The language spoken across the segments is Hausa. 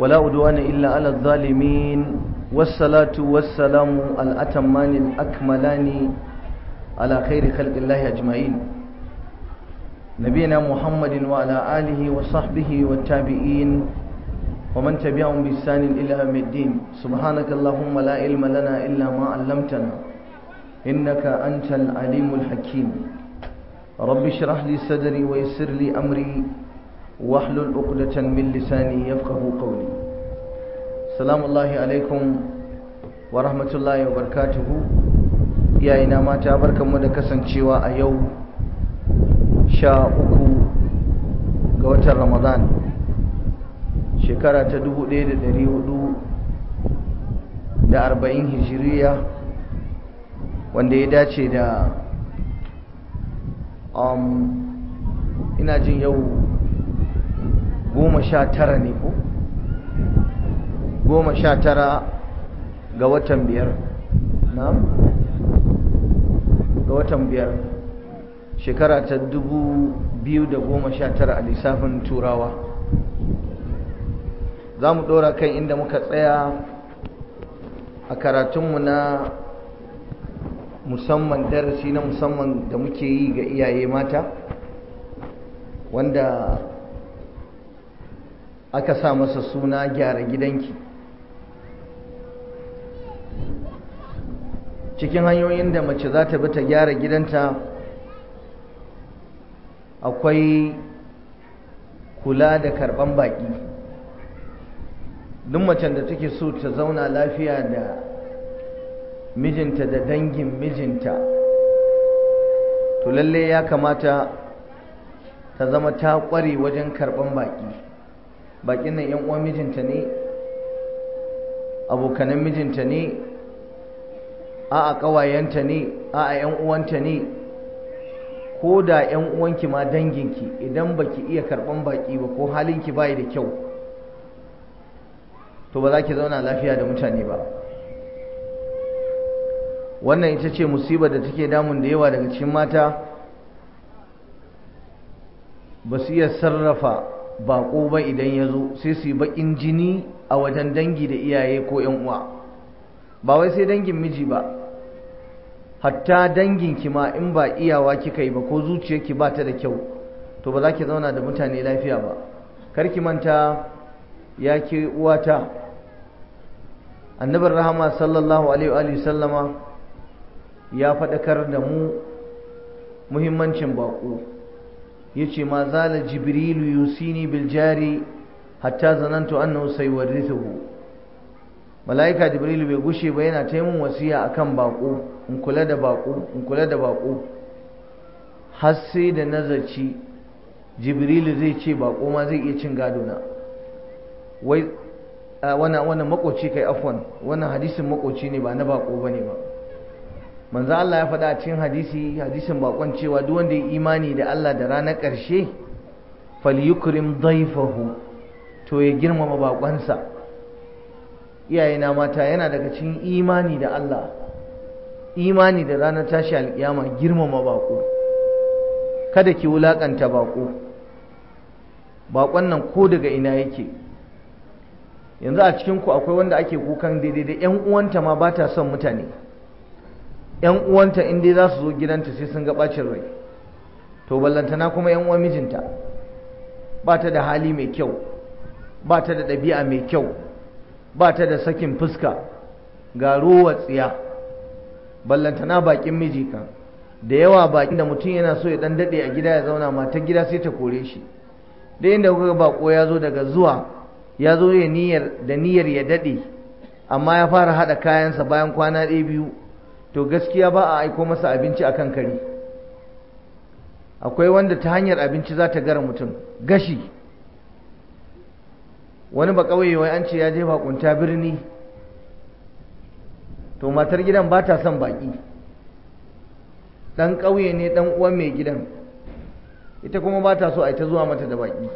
ولا أدوان إلا على الظالمين والصلاة والسلام الأتمان الأكملان على خير خلق الله أجمعين نبينا محمد وعلى آله وصحبه والتابعين ومن تبعهم بإحسان إلى يوم الدين سبحانك اللهم لا علم لنا إلا ما علمتنا إنك أنت العليم الحكيم رب اشرح لي صدري ويسر لي أمري wahlul uqdatan min lisani yafqahu qawli assalamu alayhi alaikum wa rahmatullahi wa barakatuhu iyaye na mata mu da kasancewa a yau sha uku ga watan ramadan shekara ta dubu ɗaya da 40 hijiriya wanda ya dace da um, ina jin yau goma sha tara ne ko goma sha tara ga watan biyar na ga watan biyar shekara ta dubu biyu da goma sha tara a lissafin turawa za mu ɗora kan inda muka tsaya a karatunmu na musamman darasi na musamman da muke yi ga iyaye mata wanda aka sa masa suna gyara gidanki cikin hanyoyin da mace za ta bi ta gyara gidanta akwai kula da karban baƙi. duk macen da take so ta zauna lafiya da mijinta da dangin mijinta to lalle ya kamata ta zama ta ƙware wajen karban baƙi. bakin nan yan uwan mijinta ne abokanan mijinta ne a'a ƙawayenta ne a'a yan uwanta ne ko da yan uwanki ma danginki idan baki iya karɓan baki ba ko halinki bayi da kyau to ba za ki zauna lafiya da mutane ba wannan ita ce musibar da take damun da yawa daga cikin mata ba su iya sarrafa baƙo ba idan ya zo sai su yi baƙin jini a wajen dangi da iyaye ko ‘yan uwa ba wai sai dangin miji ba hatta dangin ki ma in ba iyawa kika yi ba ko ki ba ta da kyau to ba za ki zauna da mutane lafiya ba kar ki manta ya ke uwata annabar rahama sallallahu alaihi wa sallama ya faɗakar da mu muhimmancin baƙo yace ma zala jibrilu yusini bil jari hatta zanantu annahu sayuwarrithuhu malaika jibrilu bai gushe ba yana taimun wasiya akan bako in kula da bako in kula da bako har sai da nazarci jibrilu zai ce bako ma zai iya cin gado na wai wannan makoci kai afwan wannan hadisin makoci ne ba na bako bane ba manzo Allah ya faɗa a cikin hadisi hadisin bakon cewa duk wanda ya imani da Allah da ranar ƙarshe falyukrim daifahu to ya girmama bakonsa iyayena mata yana daga cikin imani da Allah imani da ranar tashi alƙiyama girmama bako kada ki wulakanta bako bakon nan ko daga ina yake yanzu a cikin ku akwai wanda ake kukan daidai da 'yan uwanta ma ba ta son mutane yan uwanta in dai za su zo gidanta sai sun ga bacin rai to ballantana kuma yan uwan mijinta ba ta da hali mai kyau ba ta da ɗabi'a mai kyau ba ta da sakin fuska ga ruwa tsiya ballantana bakin miji kan da yawa bakin da mutum yana so ya dan daɗe a gida ya zauna matar gida sai ta kore shi da inda kuka bako ya zo daga zuwa ya zo da niyyar ya daɗe amma ya fara haɗa kayansa bayan kwana ɗaya biyu to gaskiya ba a aiko masa abinci a kan kari akwai wanda ta hanyar abinci za ta gara mutum gashi wani ba ƙauye wai an ce ya je bakunta birni to matar gidan ba ta son baƙi ɗan ƙauye ne dan uwan mai gidan ita kuma ba ta so a ta zuwa mata da baƙi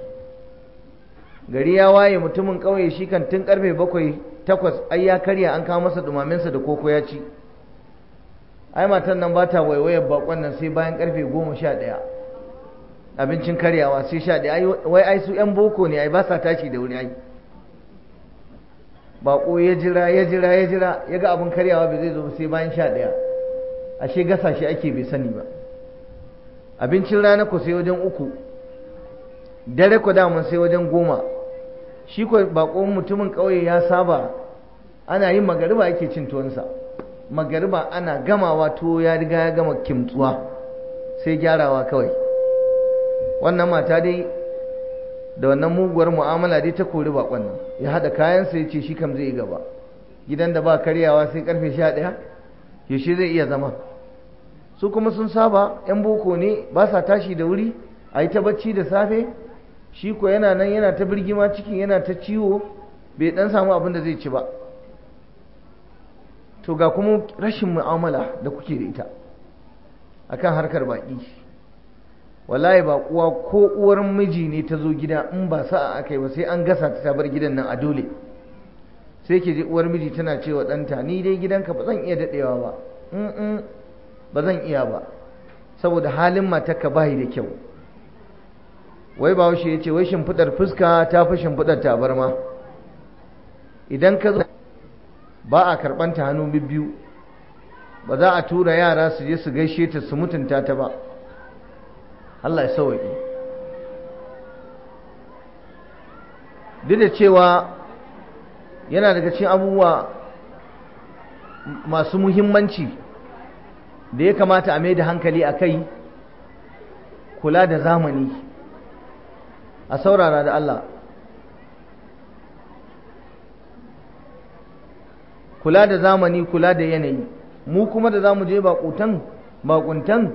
gari ya waye mutumin ƙauye shi kan tun ƙarfe bakwai takwas ai ya karya an kawo masa dumaminsa da koko ya ci ai matan nan ba ta waiwayar bakon nan sai bayan karfe goma sha abincin karyawa sai sha ɗaya wai ai su 'yan boko ne ai ba sa tashi da wuri ai bako ya jira ya jira ya jira ya ga abin karyawa bai zai zo sai bayan sha ɗaya ashe gasa shi ake bai sani ba abincin rana ku sai wajen uku dare ku mun sai wajen goma shi ko bako mutumin kauye ya saba ana yin magariba ake cin tuwonsa magariba ana gamawa tuwo ya riga ya gama kimtsuwa sai gyarawa kawai wannan mata dai da wannan muguwar mu'amala dai ta kori bakon nan ya haɗa kayansa ya ce shi kam zai yi gaba gidan da ba karyawa sai karfe sha ɗaya shi zai iya zama su kuma sun saba 'yan boko ne ba sa tashi da wuri a yi ta bacci da safe shi ko yana nan yana ta birgima cikin yana ta ciwo bai dan samu abin da zai ci ba to ga kuma rashin mu'amala da kuke da ita akan harkar baƙi wallahi ba kuwa ko uwar miji ne ta zo gida in ba sa'a aka yi ba sai an gasa ta bar gidan nan a dole sai ke ji uwar miji tana cewa danta ni dai gidanka ba zan iya daɗewa ba ba zan iya ba saboda halin matarka bayi da kyau wai ba ya ce wai shimfiɗar fuska ta fi shimfiɗar tabarma idan ka zo ba a ta hannu biyu ba za a tura yara su je su gaishe ta su mutunta ta ba Allah ya sauwaƙi duk da cewa yana daga cikin abubuwa masu muhimmanci da ya kamata a mai da hankali a kai kula da zamani a saurara da Allah kula da zamani kula da yanayi mu kuma da zamu je bakuntan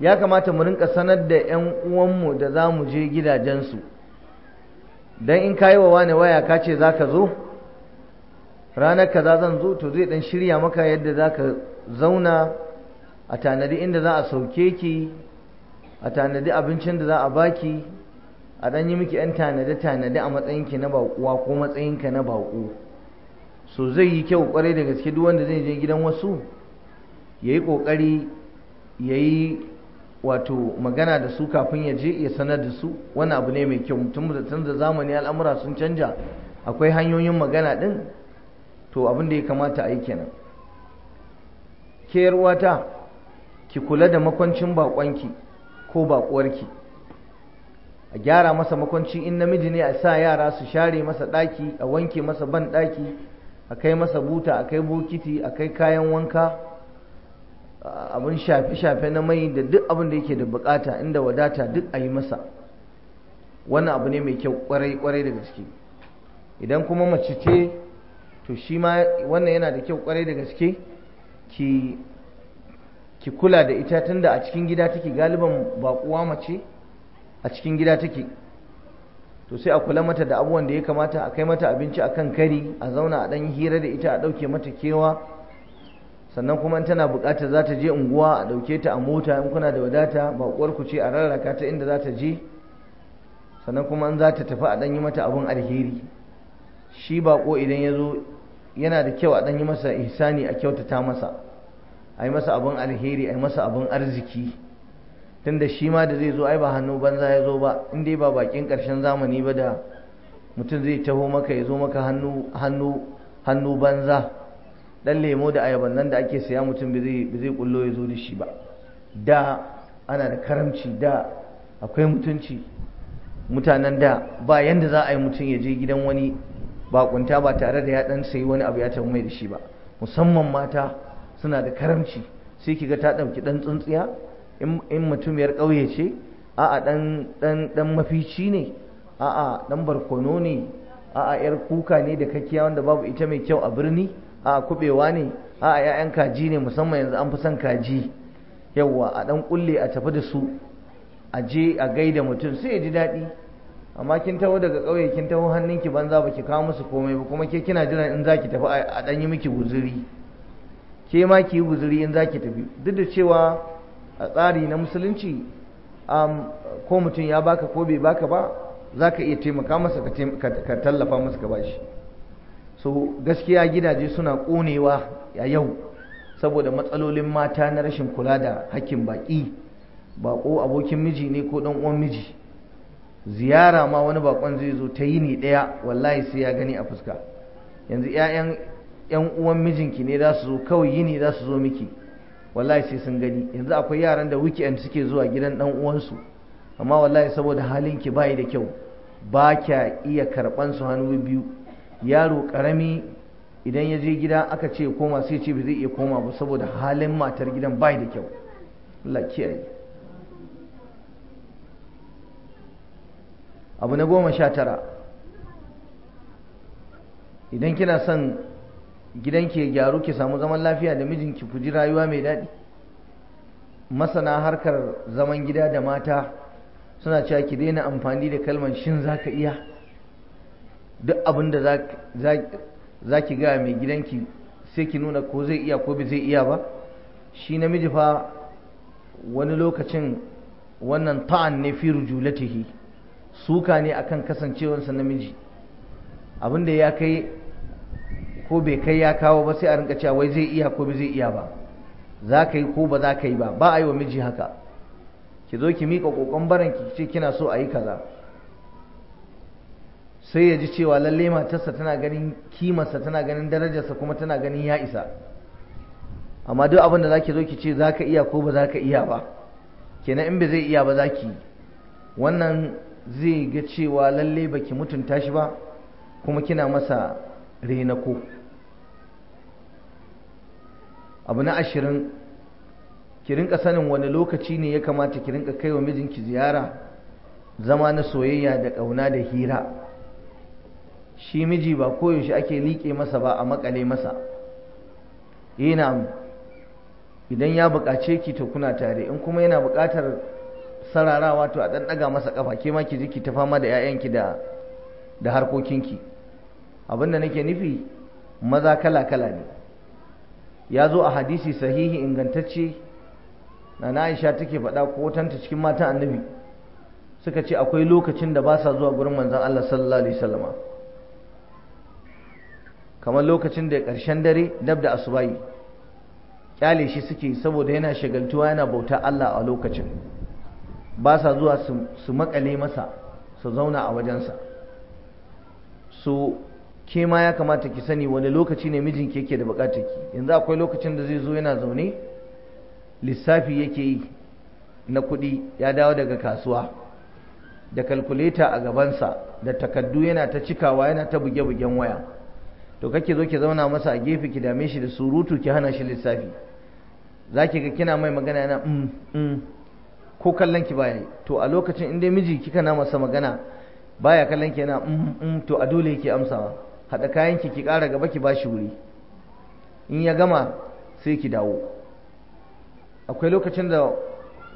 ya kamata mu rinka sanar da yan uwanmu da zamu je gidajensu dan in kayi wa wani waya ka ce zaka zo ranar kaza zan zo to zai dan shirya maka yadda zaka zauna a tanadi inda za a sauke ki a tanadi abincin da za a baki a dan yi miki yan tanade tanade a matsayinki na baƙuwa ko matsayinka na baƙo so zai yi kyau kwarai da gaske duk wanda zai je gidan wasu ya yi kokari ya yi wato magana da su kafin ya je ya sanar da su wani abu ne mai kyau mutum da da zamani al'amura sun canja akwai hanyoyin magana ɗin to abin da ya kamata a yi kenan ke yarwata ki kula da makwancin bakonki ko baƙuwarki a gyara masa makwanci in namiji ne a sa yara su share masa ɗaki a wanke masa ban ɗaki a kai masa buta a kai bokiti a kai kayan wanka abin shafe-shafe na mai da duk abin da yake da bukata inda wadata duk a yi masa wannan abu ne mai kyau kwarai-kwarai da gaske idan kuma mace ce to shi ma wannan yana da kyau kwarai da gaske ki kula da ita tunda a cikin gida take galiban bakuwa mace a cikin gida take to sai a kula mata da abubuwan da ya kamata a kai mata abinci a kan kari a zauna a ɗan hira da ita a ɗauke mata kewa sannan kuma in tana buƙatar za ta je unguwa a ɗauke ta a mota in kuna da wadata ba ce a rarraka ta inda za ta je sannan kuma in za ta tafi a ɗan yi mata abin alheri shi baƙo idan ya zo yana da kyau a ɗan yi masa ihsani a kyautata masa a yi masa abin alheri a yi masa abin arziki tunda shi ma da zai zo ai ba hannu banza ya zo ba inda ba bakin karshen zamani ba da mutum zai taho maka ya zo maka hannu banza dan lemo da ayaba nan da ake saya mutum ba zai kullo ya zo da shi ba da ana da karamci da akwai mutunci mutanen da ba yanda za a yi mutum ya je gidan wani bakunta ba tare da ya dan sayi wani abu ya tafi mai da shi ba musamman mata suna da karamci sai ki ga ta ɗauki ɗan tsuntsiya in mutum yar ƙauye ce a'a ɗan mafici ne a'a ɗan barkono ne a'a yar kuka ne da kakiya wanda babu ita mai kyau a birni a'a kubewa ne a'a 'ya'yan kaji ne musamman yanzu an fi son kaji yawwa a ɗan kulle a tafi da su a je a gaida mutum sai ya ji daɗi amma kin taho daga ƙauye kin taho hannunki banza baki kawo musu komai ba kuma ke kina jiran in zaki tafi a ɗan yi miki guzuri ke ma ki yi guzuri in zaki tafi duk da cewa a tsari na musulunci ko mutum ya baka ko bai baka ba za ka iya taimaka masa ka tallafa masa ka bashi so gaskiya gidaje suna ƙonewa a yau saboda matsalolin mata na rashin kula da hakkin baƙi baƙo abokin miji ne ko ɗan uwan miji ziyara ma wani baƙon zai zo ta yi ne ɗaya wallahi sai ya gani a fuska yanzu 'ya'yan uwan mijinki ne za su zo kawai yini za su zo miki wallahi sai sun gani yanzu akwai yaran da weekend suke zuwa gidan dan uwansu amma wallahi saboda halin ki bai da kyau ba kya iya karban su hannu biyu yaro karami idan ya je gida aka ce koma sai ce ba zai iya koma ba saboda halin matar gidan bai da kyau Allah kiyaye abu na goma sha tara idan kina son gidanki ya gyaru ki samu zaman lafiya da mijinki ku ji rayuwa mai daɗi masana harkar zaman gida da mata suna cewa ki daina amfani da kalmar shin za ka iya duk abin da za ki gaya mai gidanki sai ki nuna ko zai iya ko bai zai iya ba shi namiji fa wani lokacin wannan ta'an ne fi rujulatihi suka ne akan kasancewarsa namiji abinda ya kai ko bai kai ya kawo ba sai a rinka cewa wai zai iya ko bai zai iya ba za ka yi ko ba za ka yi ba ba a yi wa miji haka ki zo ki mika ƙoƙon baran ki ce kina so a yi kaza sai ya ji cewa lalle matarsa tana ganin kimarsa tana ganin darajarsa kuma tana ganin ya isa amma duk abin da za ki zo ki ce za ka iya ko ba za ka iya ba kenan in ba zai iya ba za ki wannan zai ga cewa lalle baki mutunta shi ba kuma kina masa ko. abu na ashirin ki rinka sanin wani lokaci ne ya kamata ki rinka kai wa mijinki ziyara zama na soyayya da ƙauna da hira shi miji ba koyaushe ake liƙe masa ba a makale masa yana eh, idan ya buƙace ki to kuna tare in kuma yana buƙatar sararawa to a ɗanɗaga masa ƙafa ke ma ki ji ki ta fama da 'ya'yanki da da harkokinki abin da nake nufi maza kala kala ne ya zo a hadisi sahihi ingantacce na Aisha take faɗa ko tanta cikin mata annabi suka ce akwai lokacin da ba sa zuwa gurin manzan Allah sallallahu alaihi wasallama kamar lokacin da ƙarshen dare dab da asubayi kyale shi suke saboda yana shagaltuwa yana bauta Allah a lokacin ba sa zuwa su makale masa su zauna a wajensa su ke ma ya kamata ki sani wani lokaci ne mijinki yake da bukatar ki yanzu akwai lokacin da zai zo yana zaune lissafi yake yi na kuɗi ya dawo daga kasuwa da kalkuleta a gabansa da takaddu yana ta cikawa yana ta buge-bugen waya to kake zo ki zauna masa a gefe ki dame shi da surutu ki hana shi lissafi za ki ga kina mai magana yana mm, mm ko kallon ki baya to a lokacin in dai miji kika na masa magana baya kallon ki yana mm, mm to a dole yake amsawa haɗa kayan ki ki ƙara gaba ki bashi wuri in ya gama sai ki dawo akwai lokacin da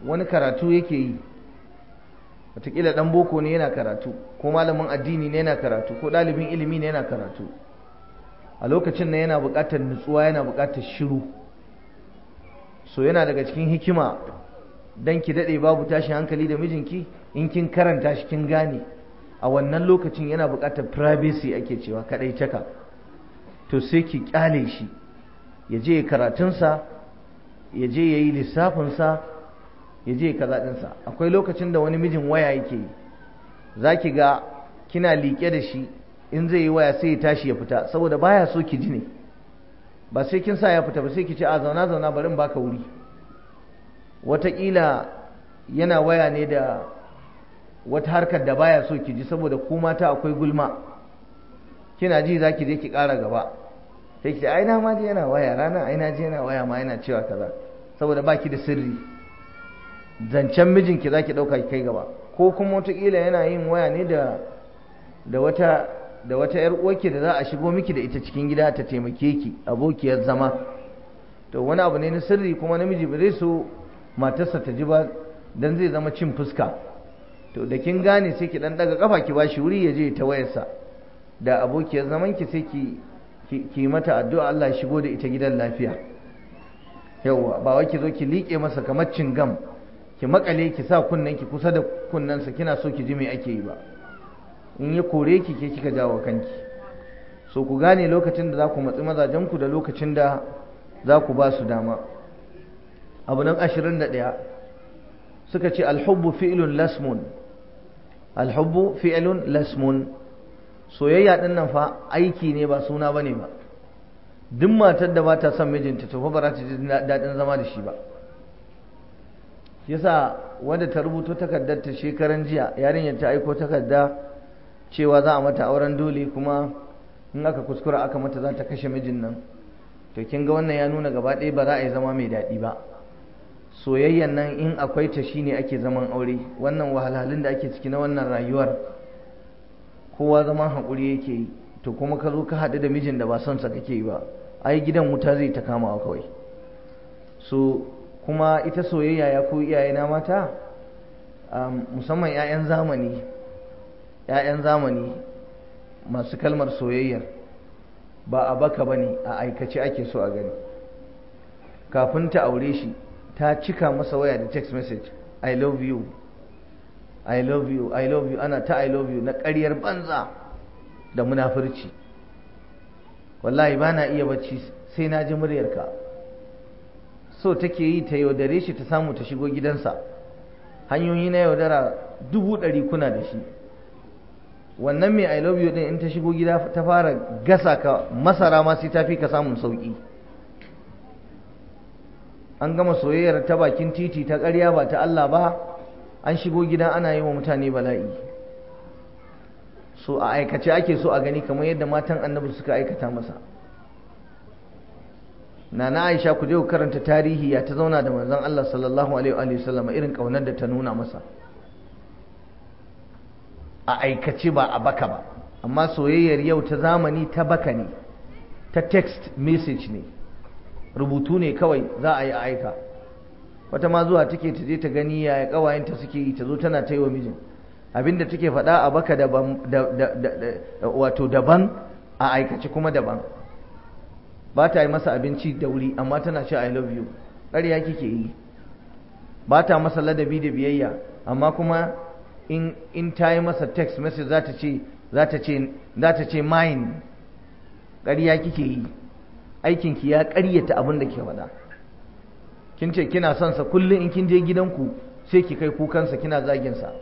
wani karatu yake yi watakila ɗan boko ne yana karatu ko malamin addini ne yana karatu ko ɗalibin ilimi ne yana karatu a lokacin na yana buƙatar nutsuwa yana buƙatar shiru so yana daga cikin hikima don ki daɗe babu tashin hankali da mijinki in kin karanta shi kin gane a wannan lokacin yana bukatar privacy ake cewa kaɗai taka to sai ki ƙyale shi ya je karatunsa ya je ya yi lissafinsa ya je sa. akwai lokacin da wani mijin waya yake yi za ki ga kina liƙe da shi in zai yi waya sai ya tashi ya fita saboda baya so ki ji ne ba sai kin sa ya fita ba sai ki ce a zauna zauna barin baka wuri watakila yana waya ne da wata harkar da baya so ki ji saboda ku mata akwai gulma kina ji za ki je ki ƙara gaba sai ki aina ma ji yana waya rana aina ji yana waya ma yana cewa kaza saboda baki da sirri zancen mijinki za ki ɗauka ki kai gaba ko kuma wataƙila yana yin waya ne da da wata da wata yar uwarki da za a shigo miki da ita cikin gida ta taimake ki abokiyar zama to wani abu ne na sirri kuma namiji ba zai so matarsa ta ji ba dan zai zama cin fuska to da kin gane sai ki dan daga kafa ki bashi wuri ya je ta wayarsa da abokiyar zaman ki sai ki ki mata addu'a Allah ya shigo da ita gidan lafiya yawa ba wai ki zo ki liƙe masa kamar cin gam, ki makale ki sa kunnen ki kusa da kunnensa sa kina so ki ji me ake yi ba in ya kore ki ke kika jawo kanki so ku gane lokacin da za ku matsi mazajen ku da lokacin da za ku ba su dama abu nan 21 suka ce alhubbu fi'lun lasmun alhubbu fi'lun lasmun soyayya din nan fa aiki ne ba suna bane ba duk matar da ba ta son mijinta to fa ba za ta ji daɗin zama da shi ba yasa wanda ta rubuto takardar ta shekaran jiya yarinyar ta aiko takarda cewa za a mata auren dole kuma in aka kuskura aka mata za ta kashe mijin nan to kin ga wannan ya nuna gaba ɗaya ba za a yi zama mai daɗi ba soyayyan nan in akwai ta shi ne ake zaman aure wannan wahalhalun da ake ciki na wannan rayuwar kowa zaman haƙuri yake yi to kuma ka zo ka haɗu da mijin da ba son sa kake yi ba ai gidan wuta zai ta kama kawai so kuma ita soyayya ya ko iyayena mata musamman 'ya'yan zamani 'ya'yan zamani masu kalmar soyayya ba a baka ba ne a aikace ake so a gani kafin ta aure shi ta cika masa waya da text message i love you i love you i love you ana ta i love you na ƙaryar banza da munafurci wallahi ba na iya bacci sai na ji muryarka so take yi ta yaudare shi ta samu ta shigo gidansa hanyoyi na yaudara dubu ɗari kuna da shi wannan mai i love you ɗin in ta shigo gida ta fara gasa ka masara ma sai ta fi ka samun sauƙi an gama soyayyar ta bakin titi ta ƙarya ba ta Allah ba an shigo gidan ana yi wa mutane bala'i so a aikace ake so a gani kamar yadda matan annabi suka aikata masa na na aisha ku je ku karanta tarihi ya ta zauna da manzon Allah sallallahu alaihi wa sallam irin kaunar da ta nuna masa a aikace ba a baka ba amma soyayyar yau ta zamani ta baka ne ta text message ne rubutu ne kawai za a yi aika wata ma zuwa take ta je ta gani yaya ƙawayenta suke yi ta zo tana ta yi wa mijin abinda take faɗa a baka daban wato daban a aikace kuma daban ba ta yi masa abinci da wuri amma tana ce i love you ƙarya kike yi ba ta masa ladabi da biyayya amma kuma in, in ta yi masa text message za ta ce za ta ce mine ƙarya kike yi aikinki ya ƙaryata abin da ke faɗa kin ce kina son sa kullum in kin je gidanku sai ki kai kukansa kina zagin sa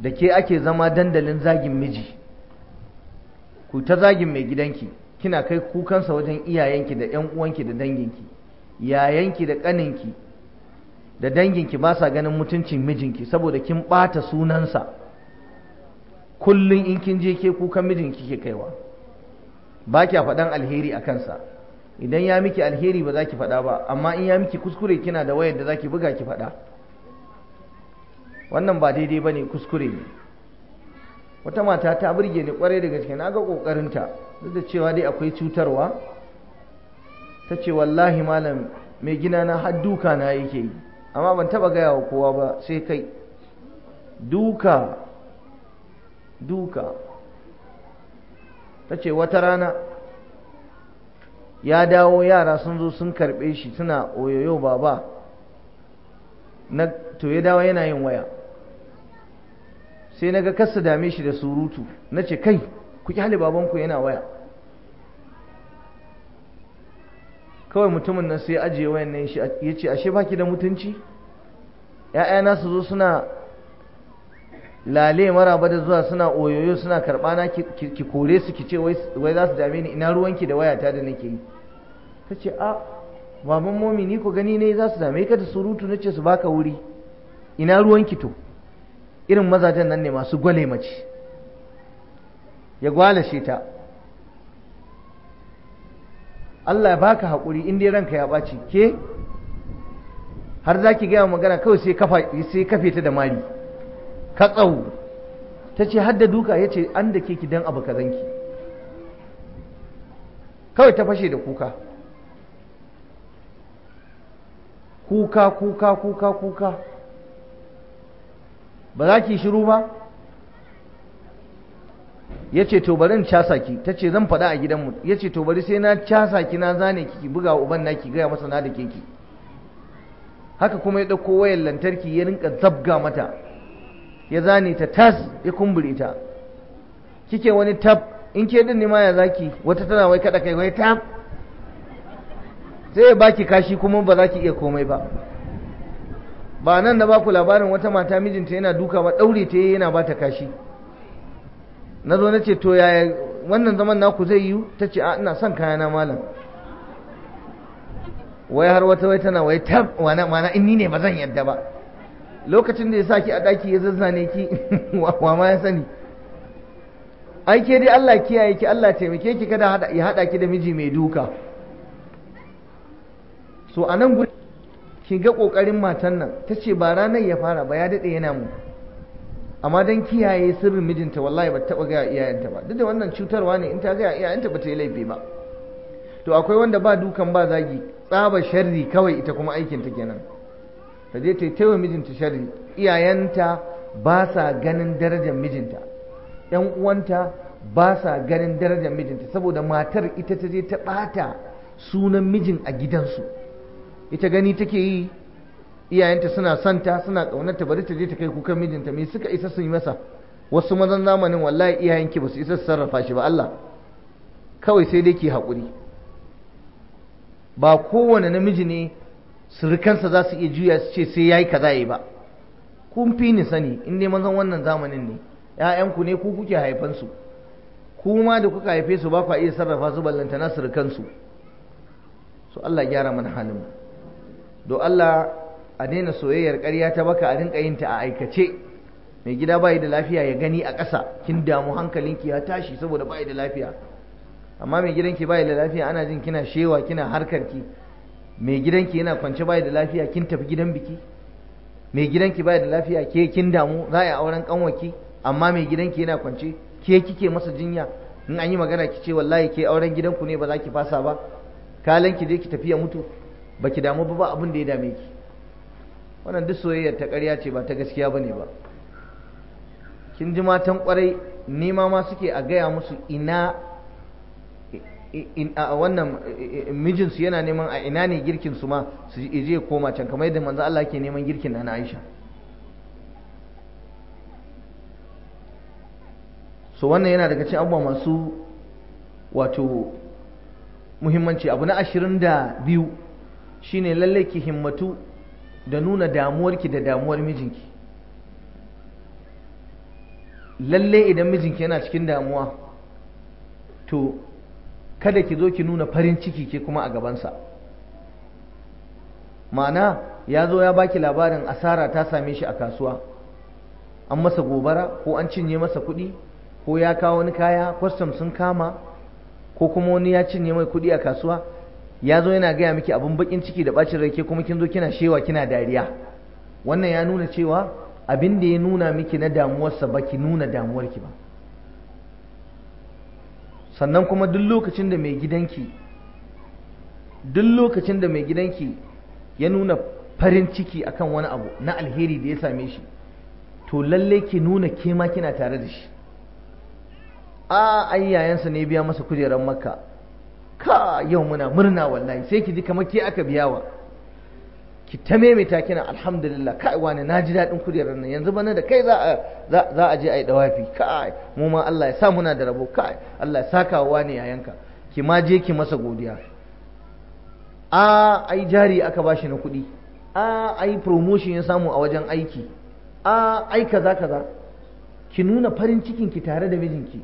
da ke ake zama dandalin zagin miji ku ta zagin mai gidanki kina kai kukansa wajen iyayenki da ƴan uwanki da danginki yayanki da ƙaninki da danginki ba sa ganin mutuncin mijinki saboda kin ɓata sunansa kullum in kin je ke kukan mijinki ke kaiwa ba kya faɗan alheri a kansa idan ya miki alheri ba za ki faɗa ba amma in ya miki kuskure kina da wayar da za ki buga ki faɗa wannan ba daidai ba ne kuskure ne wata mata ta burge ni kwarai da gaske na ga ƙoƙarinta duk da cewa dai akwai cutarwa ta ce wallahi malam mai gina na har duka na yake yi amma ban taɓa gaya wa kowa ba sai kai duka duka ta ce wata rana ya dawo yara sun zo sun karɓe shi suna oyoyo baba na to ya dawo yana yin waya sai na ga kasa dame shi da surutu na ce kai ku kyale babanku yana waya kawai mutumin nan sai ajiye wayan nan shi ya ce ashe baki da mutunci ‘ya'yana su zo suna lale maraba da zuwa suna oyoyo suna karɓa na ki kore su ki ce wai za su dame ni ina ruwanki da wayata da nake yi ta ce a baban momi ni ko gani ne za su dame ka da surutu na ce su baka wuri ina ruwanki to irin mazajen nan ne masu gwale mace ya gwalashe ta Allah ya baka haƙuri in dai ranka ya ɓaci ke har za ki gaya magana kawai sai kafe ta da mari tsawo ta ce hadda duka ya ce an da ki don abu kazanki kawai ta fashe da kuka kuka kuka kuka kuka ba za ki shiru ba ya ce tobarin casaki casa ki ta ce zan faɗa a gidanmu ya ce tobari sai na casa ki na zane ki buga uban na ki gaya masa na da keki haka kuma ya ɗauko wayan lantarki ya rinka zabga mata ya zane ta tas ya kumbure ta kike wani tab in ke din ma ya zaki wata tana wai kada kai wai tab sai ya baki kashi kuma ba za ki iya komai ba ba nan na baku labarin wata mata mijinta yana duka ba daure ta yana ba ta kashi na zo na ce to yaya wannan zaman naku zai yi ta ce a ina son kayana malam wai har wata wai tana wai tab wana mana in ni ne ba zan yadda ba lokacin da ya saki a daki ya zazzane ki wa ma ya sani ai ke dai Allah kiyaye ki Allah taimake ki kada ya hada ki da miji mai duka so a nan gudu ki ga kokarin matan nan ta ce ba ranar ya fara ba ya daɗe yana mu amma dan kiyaye sirrin mijinta wallahi ba taɓa gaya iyayenta ba duk da wannan cutarwa ne in ta gaya iyayenta ba ta yi laifi ba to akwai wanda ba dukan ba zagi tsaba sharri kawai ita kuma aikin ta kenan ta je ta yi taiwa mijinta sharri iyayenta ba sa ganin darajar mijinta ‘yan uwanta ba sa ganin darajar mijinta saboda matar ita ta je ta ɓata sunan mijin a gidansu ita gani take yi iyayenta suna santa suna ƙaunarta bari ta je ta kai kukan mijinta me suka isa sun yi masa wasu mazan zamanin wallahi iyayenki ba su isa su sarrafa shi ba Allah kawai sai dai ke haƙuri ba kowane namiji ne surukansa za su iya juya su ce sai ya yi kaza ba kun fi ni sani in dai mazan wannan zamanin ne ‘ya'yanku ne ku kuke haifansu kuma da kuka haife su ba ku iya sarrafa su ballantana surukansu so Allah gyara mana halin do Allah a daina soyayyar karya ta baka a rinka yin ta a aikace mai gida bai da lafiya ya gani a ƙasa kin damu hankalinki ya tashi saboda bai da lafiya amma mai gidanki bai da lafiya ana jin kina shewa kina harkarki mai gidanki yana kwance bai da lafiya kin tafi gidan biki mai gidanki bai da lafiya ke kin damu za a yi auren kanwaki amma mai gidanki yana kwance ke kike masa jinya in an yi magana ki ce wallahi ke auren gidanku ne ba za ki fasa ba kalan ki je ki tafi ya mutu ba ki damu ba ba abin da ya dame ki wannan duk soyayya ta ƙarya ce ba ta gaskiya ba ne ba kin ji matan kwarai nema ma suke a gaya musu ina A wannan eh, mijinsu yana neman a ina ne girkin su ma su je koma can kamar yadda manzo Allah ke neman girkin na Aisha so wannan yana daga cikin abubuwa masu wato muhimmanci abu na ashirin da biyu shine lallai ki himmatu da nuna damuwarki da damuwar mijinki lallai idan mijinki yana cikin damuwa to kada ki zo ki nuna farin ciki ke kuma a gabansa ma'ana ya zo ya baki labarin asara ta same shi a kasuwa an masa gobara ko an cinye masa kuɗi ko ya kawo wani kaya kwastam sun kama ko kuma wani ya cinye mai kuɗi a kasuwa ya zo yana gaya miki abin bakin ciki da bacin rai ke kuma kin zo kina shewa kina dariya wannan ya nuna cewa abin da ya nuna miki na damuwarsa baki nuna damuwarki ba sannan kuma duk lokacin da mai gidanki duk lokacin da mai gidanki ya nuna farin ciki akan wani abu na alheri da ya same shi to lalle ki nuna ke ma kina tare da shi a ai yayansa ne biya masa kujerar makka ka yau muna murna wallahi sai ki ji kamar ke aka biyawa ki ta maimaita kina alhamdulillah kai wani na ji daɗin kujerar nan yanzu bana da kai za a je a yi dawafi kai mu ma Allah ya sa muna da rabo kai Allah ya saka wa ne yayanka ki ma je ki masa godiya a ai jari aka bashi na kuɗi a ai promotion ya samu a wajen aiki a ai kaza kaza ki nuna farin cikin ki tare da mijinki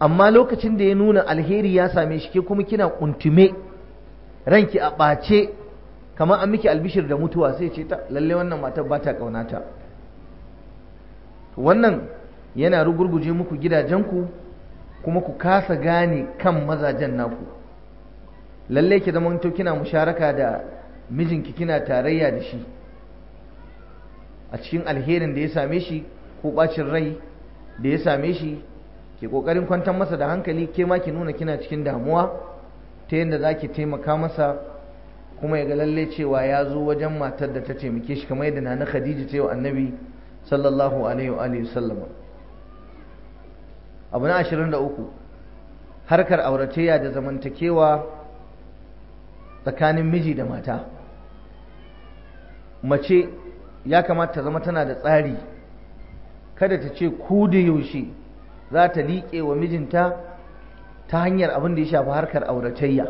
amma lokacin da ya nuna alheri ya same shi ke kuma kina kuntume ranki a ɓace kamar an miki albishir da mutuwa sai ce ta lalle wannan matar ba ta kaunata wannan yana rugurguje muku gidajenku kuma ku kasa gane kan mazajen naku lalle ki zama to kina musharaka da mijinki kina tarayya da shi a cikin alherin da ya same shi ko bacin rai da ya same shi ke kokarin kwantar masa da hankali ke ma ki nuna kina cikin damuwa ta yadda za ki taimaka masa kuma ya ga lalle cewa ya zo wajen matar da ta taimake shi kamar yadda nana khadija cewa annabi sallallahu alaihi wa alihi sallama abu na 23 harkar auratayya da zamantakewa tsakanin miji da mata mace ya kamata ta zama tana da tsari kada ta ce ku da yaushe za ta liƙe wa mijinta ta hanyar abin da ya shafi harkar auratayya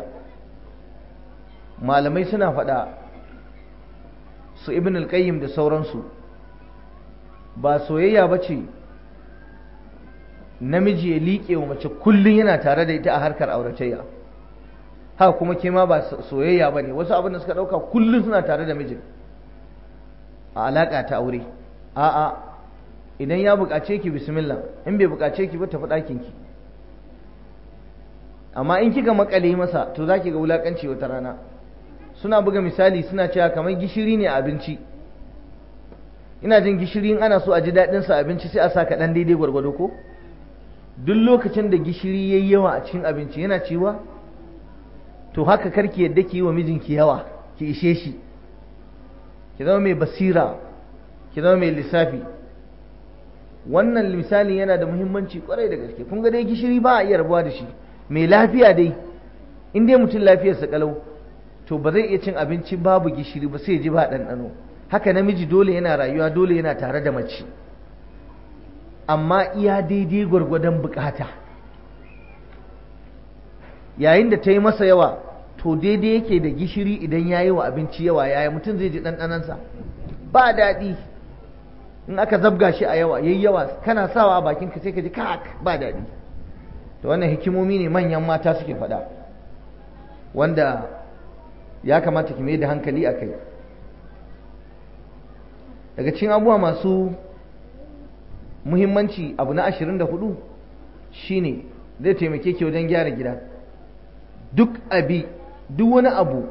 malamai suna faɗa su ibn al-qayyim da sauransu ba soyayya ba ce namiji ya liƙe wa mace kullum yana tare da ita a harkar auratayya ha kuma ke ma ba soyayya ba ne wasu abin da suka ɗauka kullum suna tare da mijin a alaƙa ta aure a'a idan ya buƙace ki bismillah in bai buƙace ki ba tafi ɗakin ki amma in kika makale masa to za ki ga wulaƙanci wata rana suna buga misali suna cewa kamar gishiri ne abinci ina jin gishiri in ana so a ji daɗin sa abinci sai a sa kaɗan daidai gwargwado ko duk lokacin da gishiri yayi yawa a cikin abinci yana cewa, to haka karki yadda ki yi wa mijinki yawa ki ishe shi ki zama mai basira ki zama mai lissafi wannan misalin yana da muhimmanci kwarai da gaske kun ga dai gishiri ba a iya rabuwa da shi mai lafiya dai in dai mutum lafiyarsa kalau to ba zai iya cin abinci babu gishiri ba sai ji ba ɗanɗano haka namiji dole yana rayuwa dole yana tare da mace amma iya daidai gwargwadon bukata yayin da ta yi masa yawa to daidai yake da gishiri idan ya yi wa abinci yawa yaya mutum zai ji ɗanɗanansa ba daɗi in aka zabga shi a yawa yayi yawa kana sawa a bakinka sai ka ji kak ba daɗi to wannan hikimomi ne manyan mata suke faɗa wanda ya kamata ki mai da hankali a kai daga cikin abubuwa masu muhimmanci abu na 24 shine zai taimake ki wajen gyara gida duk abi duk wani abu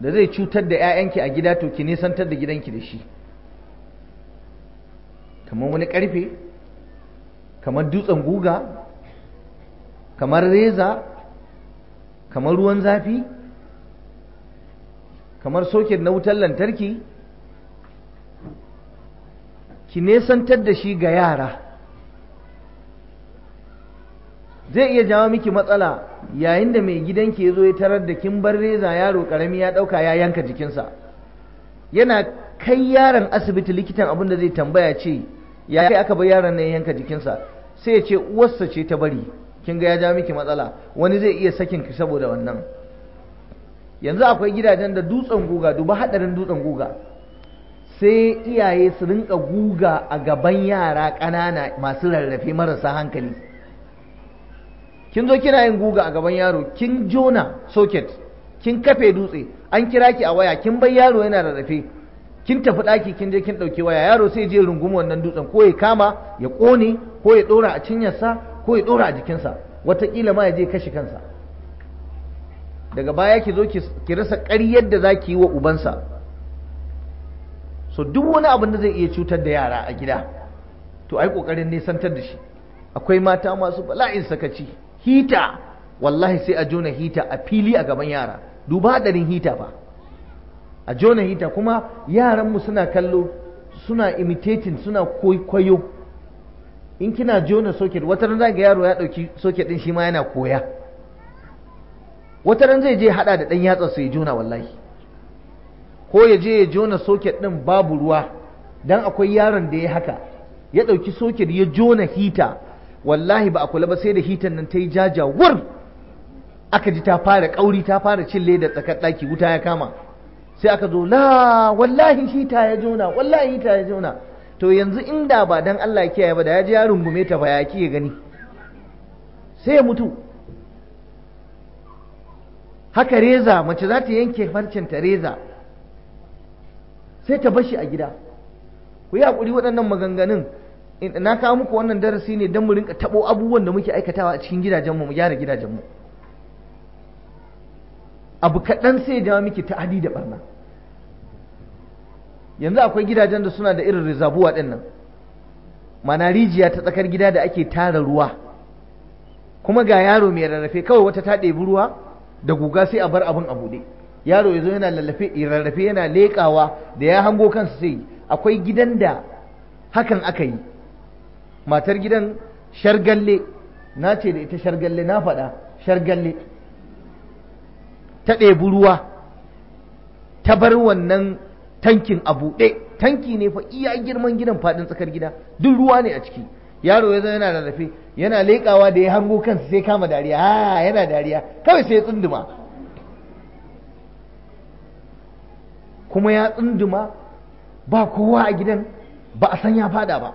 da zai cutar da 'ya'yanki a gida to ki nisantar da gidanki da shi kamar wani karfe kamar dutsen guga kamar reza kamar ruwan zafi kamar soket na wutar lantarki ki nesantar da shi ga yara zai iya jawo miki matsala yayin da mai gidanki ya zo ya tarar da kin bar reza yaro karami ya ɗauka ya yanka jikinsa yana kai yaron asibiti likitan abin da zai tambaya ce ya aka bar yaron na yanka jikinsa sai ya ce uwarsa ce ta bari kin ga ya ja miki matsala wani zai iya sakin ki saboda wannan yanzu akwai gidajen da dutsen guga duba hadarin dutsen guga sai iyaye su rinka guga a gaban yara ƙanana masu rarrafe marasa hankali kin zo kina yin guga a gaban yaro kin jona socket kin kafe dutse an kira ki a waya kin bar yaro yana rarrafe kin tafi ɗaki kin je kin ɗauki waya yaro sai je rungumi wannan dutsen ko ya kama ya ƙone ko ya ɗora a cinyarsa ko ya ɗora a jikinsa wataƙila ma ya je kashe kansa daga baya ki zo ki rasa ƙaryar da za ki yi wa ubansa so duk wani abin da zai iya cutar da yara a gida to ai ƙoƙarin nisantar da shi akwai mata masu bala'in sakaci hita wallahi sai a jona hita a fili a gaban yara duba haɗarin hita ba a jona hita kuma yaran mu suna kallo suna imitating suna kwaikwayo in kina jona soket wata ran ga yaro ya dauki soket din shi ma yana koya wata ran zai je hada da dan yatsa su ya jona wallahi ko ya je ya jona soket din babu ruwa dan akwai yaron da ya haka ya dauki soket ya jona hita wallahi ba a kula ba sai da heater nan ta yi jajawar aka ji ta fara kauri ta fara cin leda tsakar daki wuta ya kama sai aka zo la wallahi hita ya jona wallahi hita ya jona to yanzu inda ba dan Allah kiyaye ba da ya ji ya rungume ta ba ya kiyaye gani sai ya mutu haka reza mace za ta yanke farcen ta reza sai ta bashi a gida ku yi hakuri waɗannan maganganun na kawo muku wannan darasi ne don mu rinka tabo abubuwan da muke aikatawa a cikin gidajenmu mu gyara gidajenmu abu kaɗan sai ya jawo miki hadi da barna yanzu akwai gidajen da suna da irin rizabuwa ɗin nan mana rijiya ta tsakar gida da ake tara ruwa kuma ga yaro mai rarrafe kawai wata ta ɗebi ruwa da guga sai a bar abin a buɗe yaro ya zo yana lallafe rarrafe yana leƙawa da ya hango kansa sai akwai gidan da hakan aka yi matar gidan shargalle na ce da ita shargalle na faɗa shargalle ta ɗebi ruwa ta bar wannan tankin a buɗe tanki ne fa iya girman gidan faɗin tsakar gida duk ruwa ne a ciki yaro ya yana rarrafe yana leƙawa da ya hango kansa sai kama dariya ha yana dariya kawai sai ya tsunduma kuma ya tsunduma ba kowa a gidan ba a san ya fada ba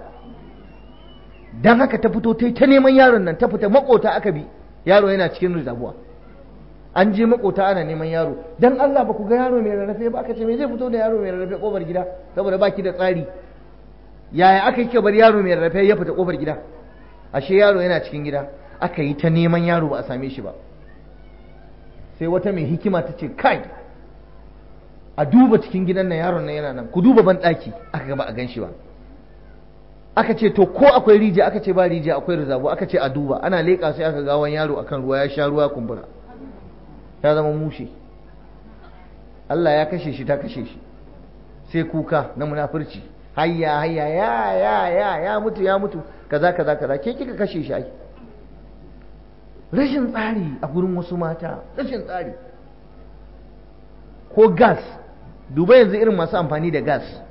don haka ta fito ta ta neman yaron nan ta fita makota aka bi yaro yana cikin rizabuwa an je makota ana neman yaro dan Allah ba ku ga yaro mai rarrafe ba aka ce me zai fito da yaro mai rarrafe kofar gida saboda baki da tsari yaya aka yi bar yaro mai rarrafe ya fita kofar gida ashe yaro yana cikin gida aka yi ta neman yaro ba a same shi ba sai wata mai hikima ta ce kai a duba cikin gidan nan yaron nan yana nan ku duba ban daki aka gaba a gan shi ba aka ce to ko akwai rijiya aka ce ba rijiya akwai rizabu aka ce a duba ana leƙa sai aka ga wani yaro akan ruwa ya sha ruwa kumbura ya zama mushe Allah ya kashe shi ta kashe shi sai kuka na munafurci hayya hayya ya ya ya ya mutu ya mutu kaza kaza kaza ke kika kashe shi ai rashin tsari a gurin wasu mata rashin tsari ko gas duba yanzu irin masu amfani da gas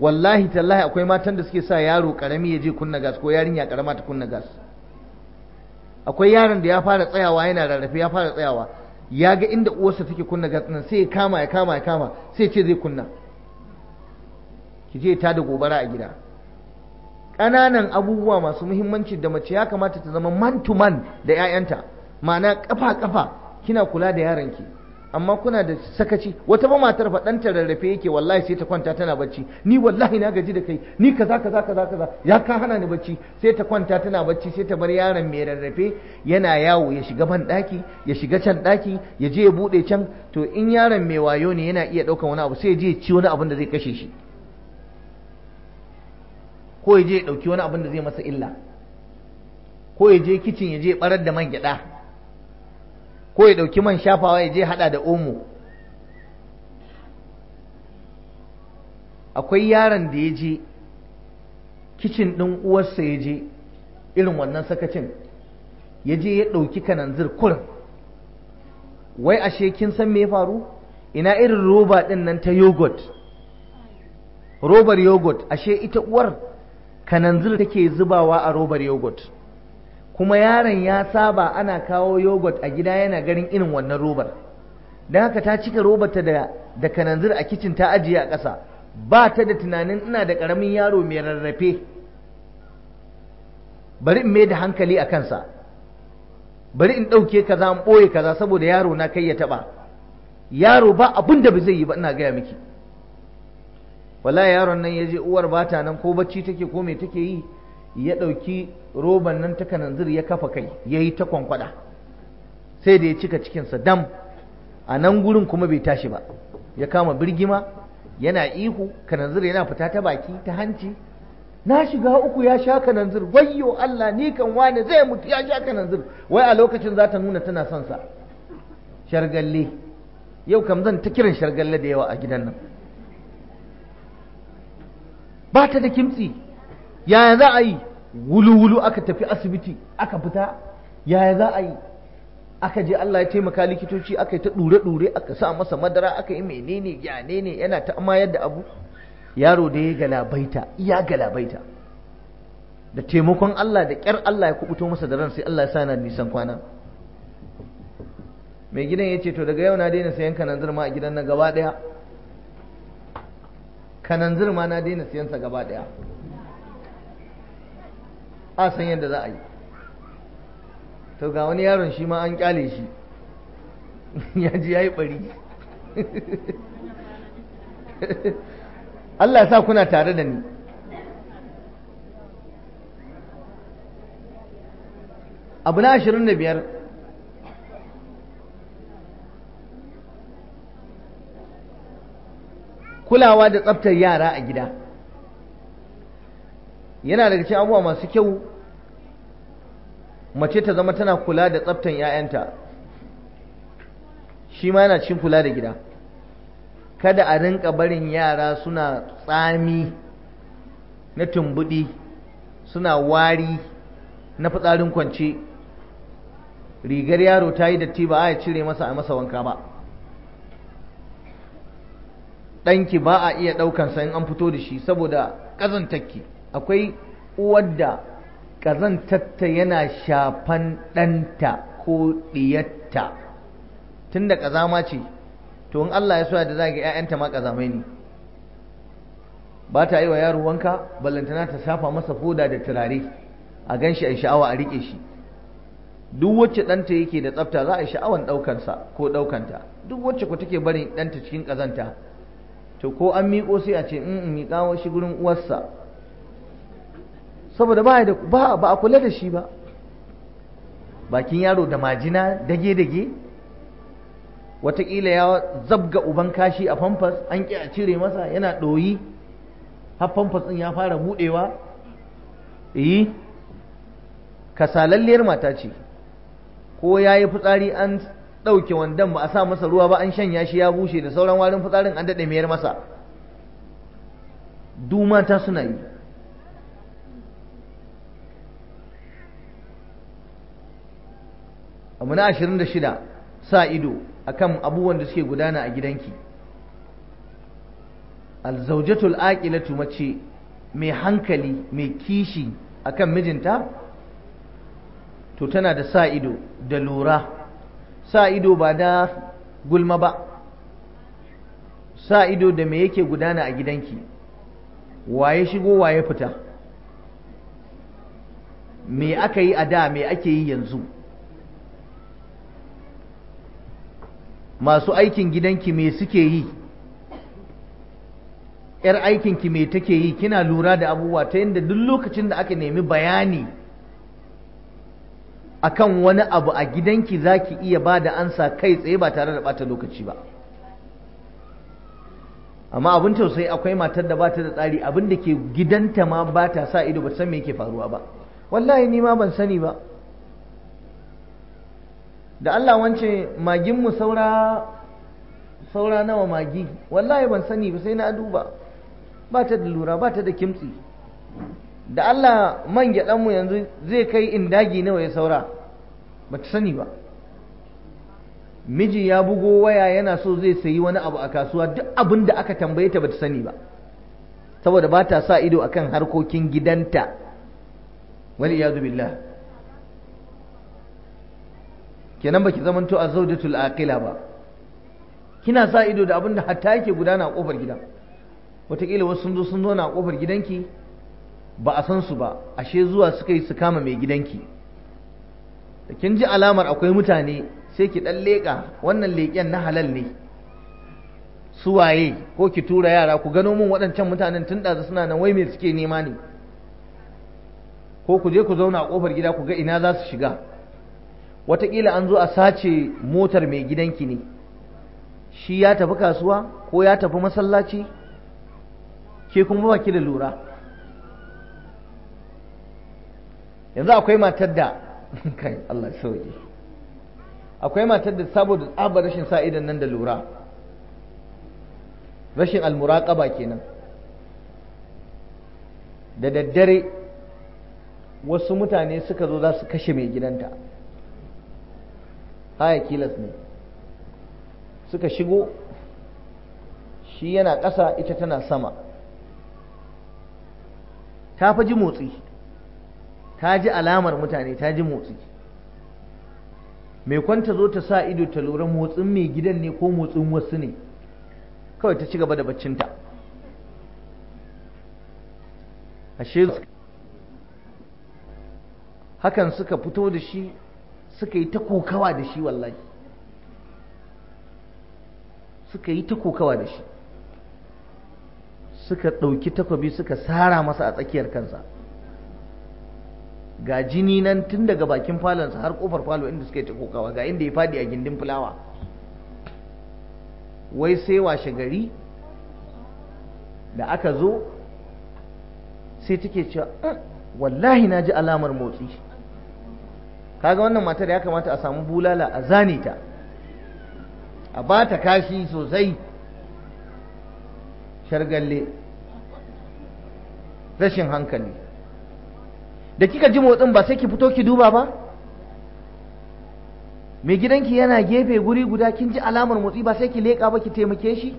wallahi tallahi akwai matan da suke sa yaro karami ya je kunna gas ko yarinya karama ta kunna gas akwai yaron da ya fara tsayawa yana rarrafe ya fara tsayawa ya ga inda uwarsa take kunna gas sai ya kama ya kama ya kama sai ce zai kunna ki je ta da gobara a gida ƙananan abubuwa masu muhimmanci da mace ya kamata ta zama man to man da 'ya'yanta ma'ana ƙafa kafa kina kula da yaron ki amma kuna da sakaci wata ba matar rarrafe yake wallahi sai ta kwanta tana bacci ni wallahi na gaji da kai ni kaza kaza kaza kaza ya ka hana ni bacci sai ta kwanta tana bacci sai ta bar yaron mai rarrafe yana yawo ya shiga ban daki ya shiga can ɗaki ya je ya buɗe can to in yaron mai wayo ne yana iya ɗaukan wani abu sai ya je ya ci wani abin da zai kashe shi ko ya je ya ɗauki wani abin da zai masa illa ko ya je kicin ya je ya barar da man gyaɗa ko ya ɗauki man shafawa ya je haɗa da omo akwai yaron da ya je kicin ɗin uwarsa ya je irin wannan sakacin ya je ya ɗauki kananzir zirkur wai ashe kin san me faru ina irin roba ɗin nan ta yogurt robar yogurt ashe ita uwar kananzir take zubawa a robar yogurt kuma yaron ya saba ana kawo yogurt a gida yana ganin irin wannan robar don haka ta cika robarta da da kananzir a kicin ta ajiye a ƙasa ba ta da tunanin ina da ƙaramin yaro mai rarrafe bari in mai da hankali a kansa bari in ɗauke kaza in ɓoye kaza saboda yaro na kai ya taɓa yaro ba abin da ba zai yi ba ina gaya miki wala yaron nan ya je uwar bata nan ko bacci take ko me take yi ya ɗauki roban nan ta kananzir ya kafa kai ya yi ta kwankwada sai da ya cika cikinsa dam a nan gurin kuma bai tashi ba ya kama birgima yana ihu kananzir yana fita ta baki ta hanci na shiga uku ya sha kananzir wayyo Allah ni kan wane zai mutu ya sha kananzir wai a lokacin za ta nuna tana son sa shargalle yau kam zan ta kiran shargalle da yawa a gidan nan ba ta da kimtsi yaya za a yi wulu-wulu aka tafi asibiti aka fita yaya za a yi aka je Allah ya taimaka likitoci aka yi ta ɗure-ɗure aka sa masa madara aka yi menene yane ne yana ta amma yadda abu yaro da ya galabaita iya galabaita da taimakon Allah da ƙyar Allah ya kubuto masa da ran sai Allah ya sa yana nisan kwana mai gidan ya ce to daga yau na daina sayan kananzir ma a gidan na gaba ɗaya kananzir ma na daina sa gaba ɗaya a san yadda za a yi to ga wani yaron shi ma an kyale shi ya ji ya yi bari Allah sa kuna tare da ni abu na ashirin da biyar kulawa da tsabtar yara a gida yana daga cikin abubuwa masu kyau mace ta zama tana kula da tsaftan 'ya'yanta shi ma yana cikin kula da gida kada a rinka barin yara suna tsami na tumbudi suna wari na fitsarin kwance rigar yaro ta yi datti ba a ya cire masa a masa wanka ba ɗanki ba a iya ɗaukansa in an fito da shi saboda ƙazantakki akwai uwar da ƙazantatta yana shafan ɗanta ko ɗiyatta tun da ƙazama ce to in Allah ya soya da za ga 'ya'yanta ma ƙazamai ne ba ta yi wa yaro wanka ballantana ta shafa masa foda da turare a gan shi a sha'awa a riƙe shi duk wacce ɗanta yake da tsafta za a yi sha'awan ɗaukansa ko ɗaukanta duk wacce ku take barin ɗanta cikin ƙazanta to ko an miƙo sai a ce in miƙa shi gurin uwarsa saboda ba ba a kula da shi ba bakin yaro da majina dage-dage watakila ya zabga uban kashi a famfas an ƙi a cire masa yana ɗoyi har famfas ɗin ya fara buɗewa yi kasalalliyar mata ce ko ya yi fitsari an ɗauke wandon ba a sa masa ruwa ba an shanya shi ya bushe da sauran warin fitsarin an daɗe mayar masa Duma ta suna yi abu na ashirin da shida sa ido a kan abubuwan da suke gudana a gidanki alzaujatul aqilatu mace mai hankali mai kishi akan mijinta to tana da sa ido da lura sa ido ba da gulma ba sa ido da me yake gudana a gidanki waye shigo waye fita me aka yi a da me ake yi yanzu masu aikin gidanki me suke yi ‘yar aikinki me take yi kina lura da abubuwa ta yadda duk lokacin da aka nemi bayani akan wani abu a gidanki za ki iya ba da ansa kai tsaye ba tare da ɓata lokaci ba amma abin tausayi akwai matar da bata da tsari abin da ke gidanta ma ba ta sa ido ba san me yake faruwa ba wallahi ni ma ban sani ba da Allah wance maginmu saura saura nawa magi wallahi ban sani ba sai na duba ba ta da lura ba ta da kimtsi da Allah man mu yanzu zai kai indagi nawa ya saura ba ta sani ba miji ya bugo waya yana so zai sayi wani abu a kasuwa duk abin da aka tambaye ta ba ta sani ba saboda ba ta sa ido akan harkokin gidanta Wani billah kenan baki zamanto azawjatul aqila ba kina sa ido da abin da hatta yake gudana a kofar gidan watakila wasu sun zo sun zo na kofar gidanki ba a san su ba ashe zuwa suka yi su kama mai gidanki da kin ji alamar akwai mutane sai ki dan leƙa wannan leken na halal ne su waye ko ki tura yara ku gano min waɗancan mutanen tun ɗazu suna nan wai me suke nema ne ko ku je ku zauna a kofar gida ku ga ina za su shiga wataƙila an zo a sace motar mai gidanki ne shi ya tafi kasuwa ko ya tafi masallaci ke kuma ba ki da lura yanzu akwai matar da kai Allah sauke akwai matar da saboda tsabar rashin sa idan nan da lura rashin almuraqaba kenan da daddare wasu mutane suka zo za su kashe mai gidanta haya kilas ne suka shigo shi yana ƙasa ita tana sama ta fa ji motsi ta ji alamar mutane ta ji motsi mai kwanta zo ta sa ido ta lura motsin mai gidan ne ko motsin wasu ne kawai ta ci gaba da baccinta ashe hakan suka fito da shi suka yi ta kokawa da shi wallahi suka yi ta kokawa da shi suka ɗauki takobi suka sara masa a tsakiyar kansa ga jini nan tun daga bakin falonsa har kofar falo inda suka yi ta kokawa ga inda ya fadi a gindin fulawa wai sai washe gari da aka zo sai take cewa wallahi na ji alamar motsi kaga wannan matar ya kamata a samu bulala a zane ta a ba ta kashi sosai shargalle rashin hankali da kika ji motsin ba sai ki fito ki duba ba mai gidanki yana gefe guri guda kin ji alamar motsi ba sai ki leƙa ba ki taimake shi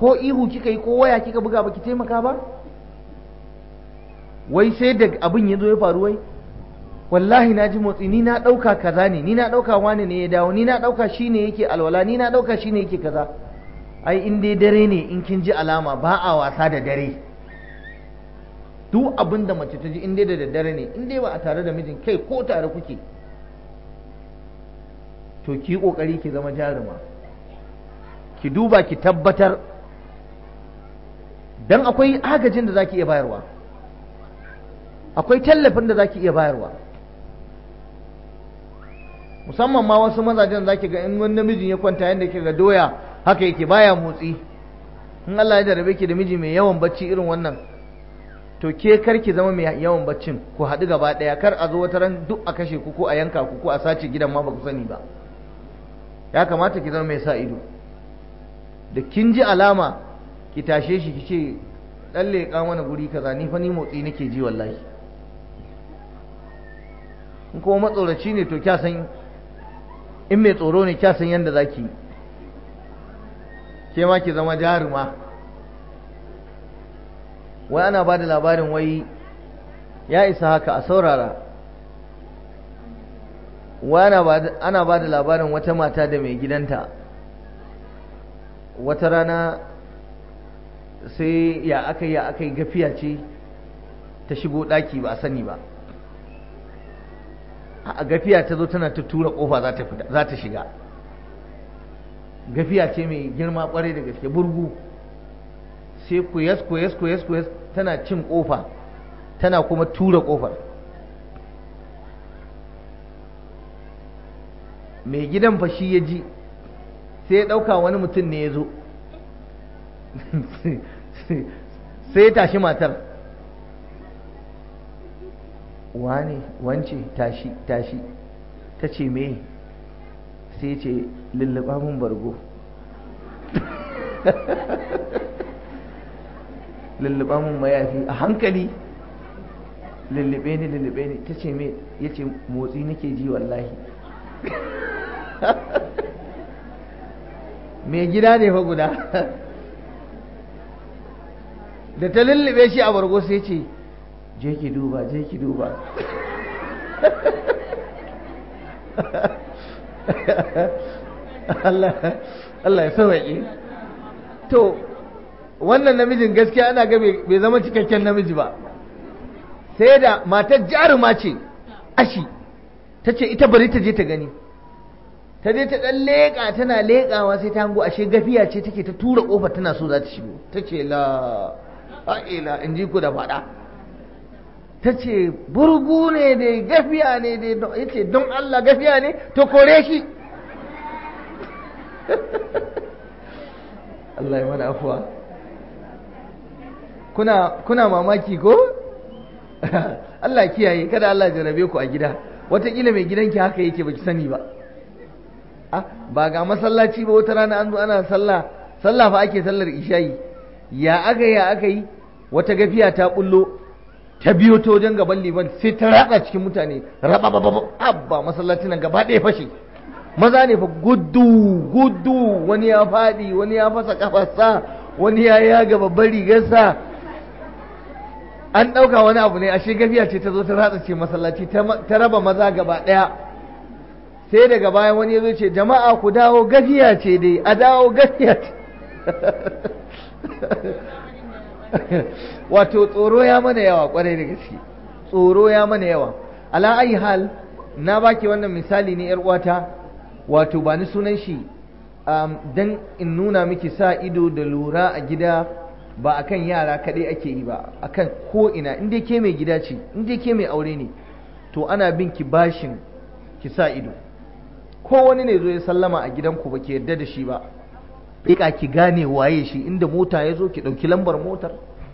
ko ihu kika yi ko waya kika buga ba ki taimaka ba wai sai da abin ya zo ya faru wai wallahi na ji motsi ni na ɗauka kaza ne ni na ɗauka wani ne ya dawo ni na ɗauka shi ne yake alwala ni na ɗauka shi ne yake kaza ai in dai dare ne in kin ji alama ba a wasa da dare duk abin da mace ta ji in dai da daddare ne in dai ba a tare da mijin kai ko tare kuke to ki kokari ki zama jaruma ki duba ki tabbatar dan akwai agajin da zaki iya bayarwa akwai tallafin da zaki iya bayarwa musamman ma wasu mazajen za ki ga in wani namijin ya kwanta yadda ke ga doya haka yake baya motsi in Allah ya jarabe ki da miji mai yawan bacci irin wannan to ke kar ki zama mai yawan baccin ku haɗu gaba ɗaya kar a zo wata ran duk a kashe ku ko a yanka ku ko a sace gidan ma ba ku sani ba ya kamata ki zama mai sa ido da kin ji alama ki tashe shi ki ce ɗan leƙa mana guri kaza ni fa ni motsi nake ji wallahi in kuma matsoraci ne to kya san in mai tsoro ne kya san yadda ki ke ma ki zama jaruma wai ana ba da labarin wai ya isa haka a saurara wai ana ba da labarin wata mata da mai gidanta wata rana sai ya aka ya aka yi gafiya ce ta shigo ɗaki ba a sani ba a gafiya ta zo tana ta tura kofa za ta shiga gafiya ce mai girma kwarai da gaske burgu sai kuyas kuyas kuyas kuyas tana cin kofa tana kuma tura kofar mai gidan fa shi ya ji sai ya ɗauka wani mutum ne ya zo sai ya tashi matar wane wance tashi tashi ta ce me sai ce lullaba mun bargo lullaba mun mayafi a hankali lullube ni lullube ni ta ce me ya ce motsi nake ji wallahi mai gida ne fa guda da ta lullube shi a bargo sai ce je ki duba je ki duba Allah ya sauwaƙe to wannan namijin gaskiya ana ga bai zama cikakken namiji ba sai da matar jaruma ce ashi ta ce ita bari ta je ta gani ta je ta ɗan leƙa tana leƙawa sai ta hango ashe gafiya ce take ta tura ƙofa tana so za ta shigo ta ce la a'ila in ji ku da faɗa ta ce burgu ne dai gafiya ne dai ya ce don Allah gafiya ne to kore shi Allah ya mana afuwa kuna kuna mamaki ko Allah kiyaye kada Allah jarabe ku a gida wataƙila mai gidanki haka yake baki sani ba ah, ba ga masallaci ba wata rana an zo ana sallah sallah fa ake sallar isha'i ya aka ya aka yi wata gafiya ta bullo ta biyo ta wajen gaban liman sai ta raɗa cikin mutane ba abba masallacin nan gaba ɗaya fashe maza ne fa gudu gudu wani ya faɗi wani ya fasa kafarsa wani ya yaga babbar rigarsa an ɗauka wani abu ne ashe gafiya ce ta zo ta ratsa ce masallaci ta raba maza gaba ɗaya sai daga baya wani ya zo ce jama'a ku dawo gafiya ce dai a dawo gafiya ce wato tsoro ya mana yawa kwarai da gaske tsoro ya mana yawa ala ayi hal na baki wannan misali ne yar uwata wato ba ni sunan shi um, dan in nuna miki sa ido da lura a gida ba akan yara kaɗai ake yi ba akan ko ina in ke mai gida ce in ke mai aure ne to ana bin ki bashin ki sa ido ko wani ne zo ya sallama a gidanku ba ki yarda da shi ba rika ki gane waye shi inda mota ya zo ki ɗauki lambar motar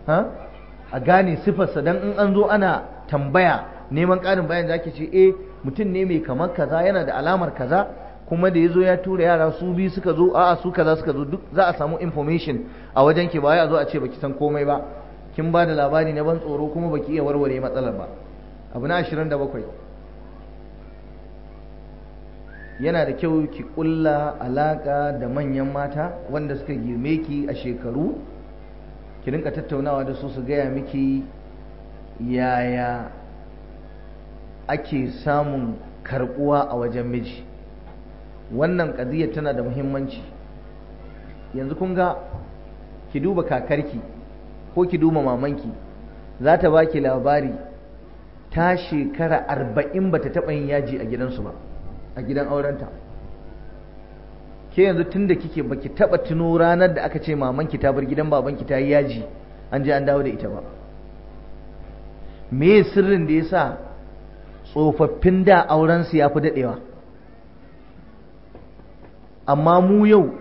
a gane sifarsa don in an zo ana tambaya neman ƙarin bayan za ki ce eh mutum ne mai kamar kaza yana da alamar kaza kuma da ya zo ya tura yara su bi suka zo a'a su kaza suka zo duk za a samu information a wajen ki ba ya zo a ce baki san komai ba kin ba da labari na ban tsoro kuma baki iya warware matsalar ba abu na 27 yana da kyau ki kulla alaka da manyan mata wanda suka girme ki a shekaru ki rinka tattaunawa da su su gaya miki yaya ake samun karbuwa a wajen miji wannan ƙaziyar tana da muhimmanci yanzu kun ga ki duba kakarki ko ki duba mamanki za ta baki labari ta shekara arba'in ba ta taɓa yin yaji a gidansu ba a gidan aurenta ke yanzu tun da kike baki taba tuno ranar da aka ce mamanki ta bar gidan babanki ta yi yaji an je an dawo da ita ba me sirrin da ya sa tsofaffin da aurensu su fi daɗewa amma mu yau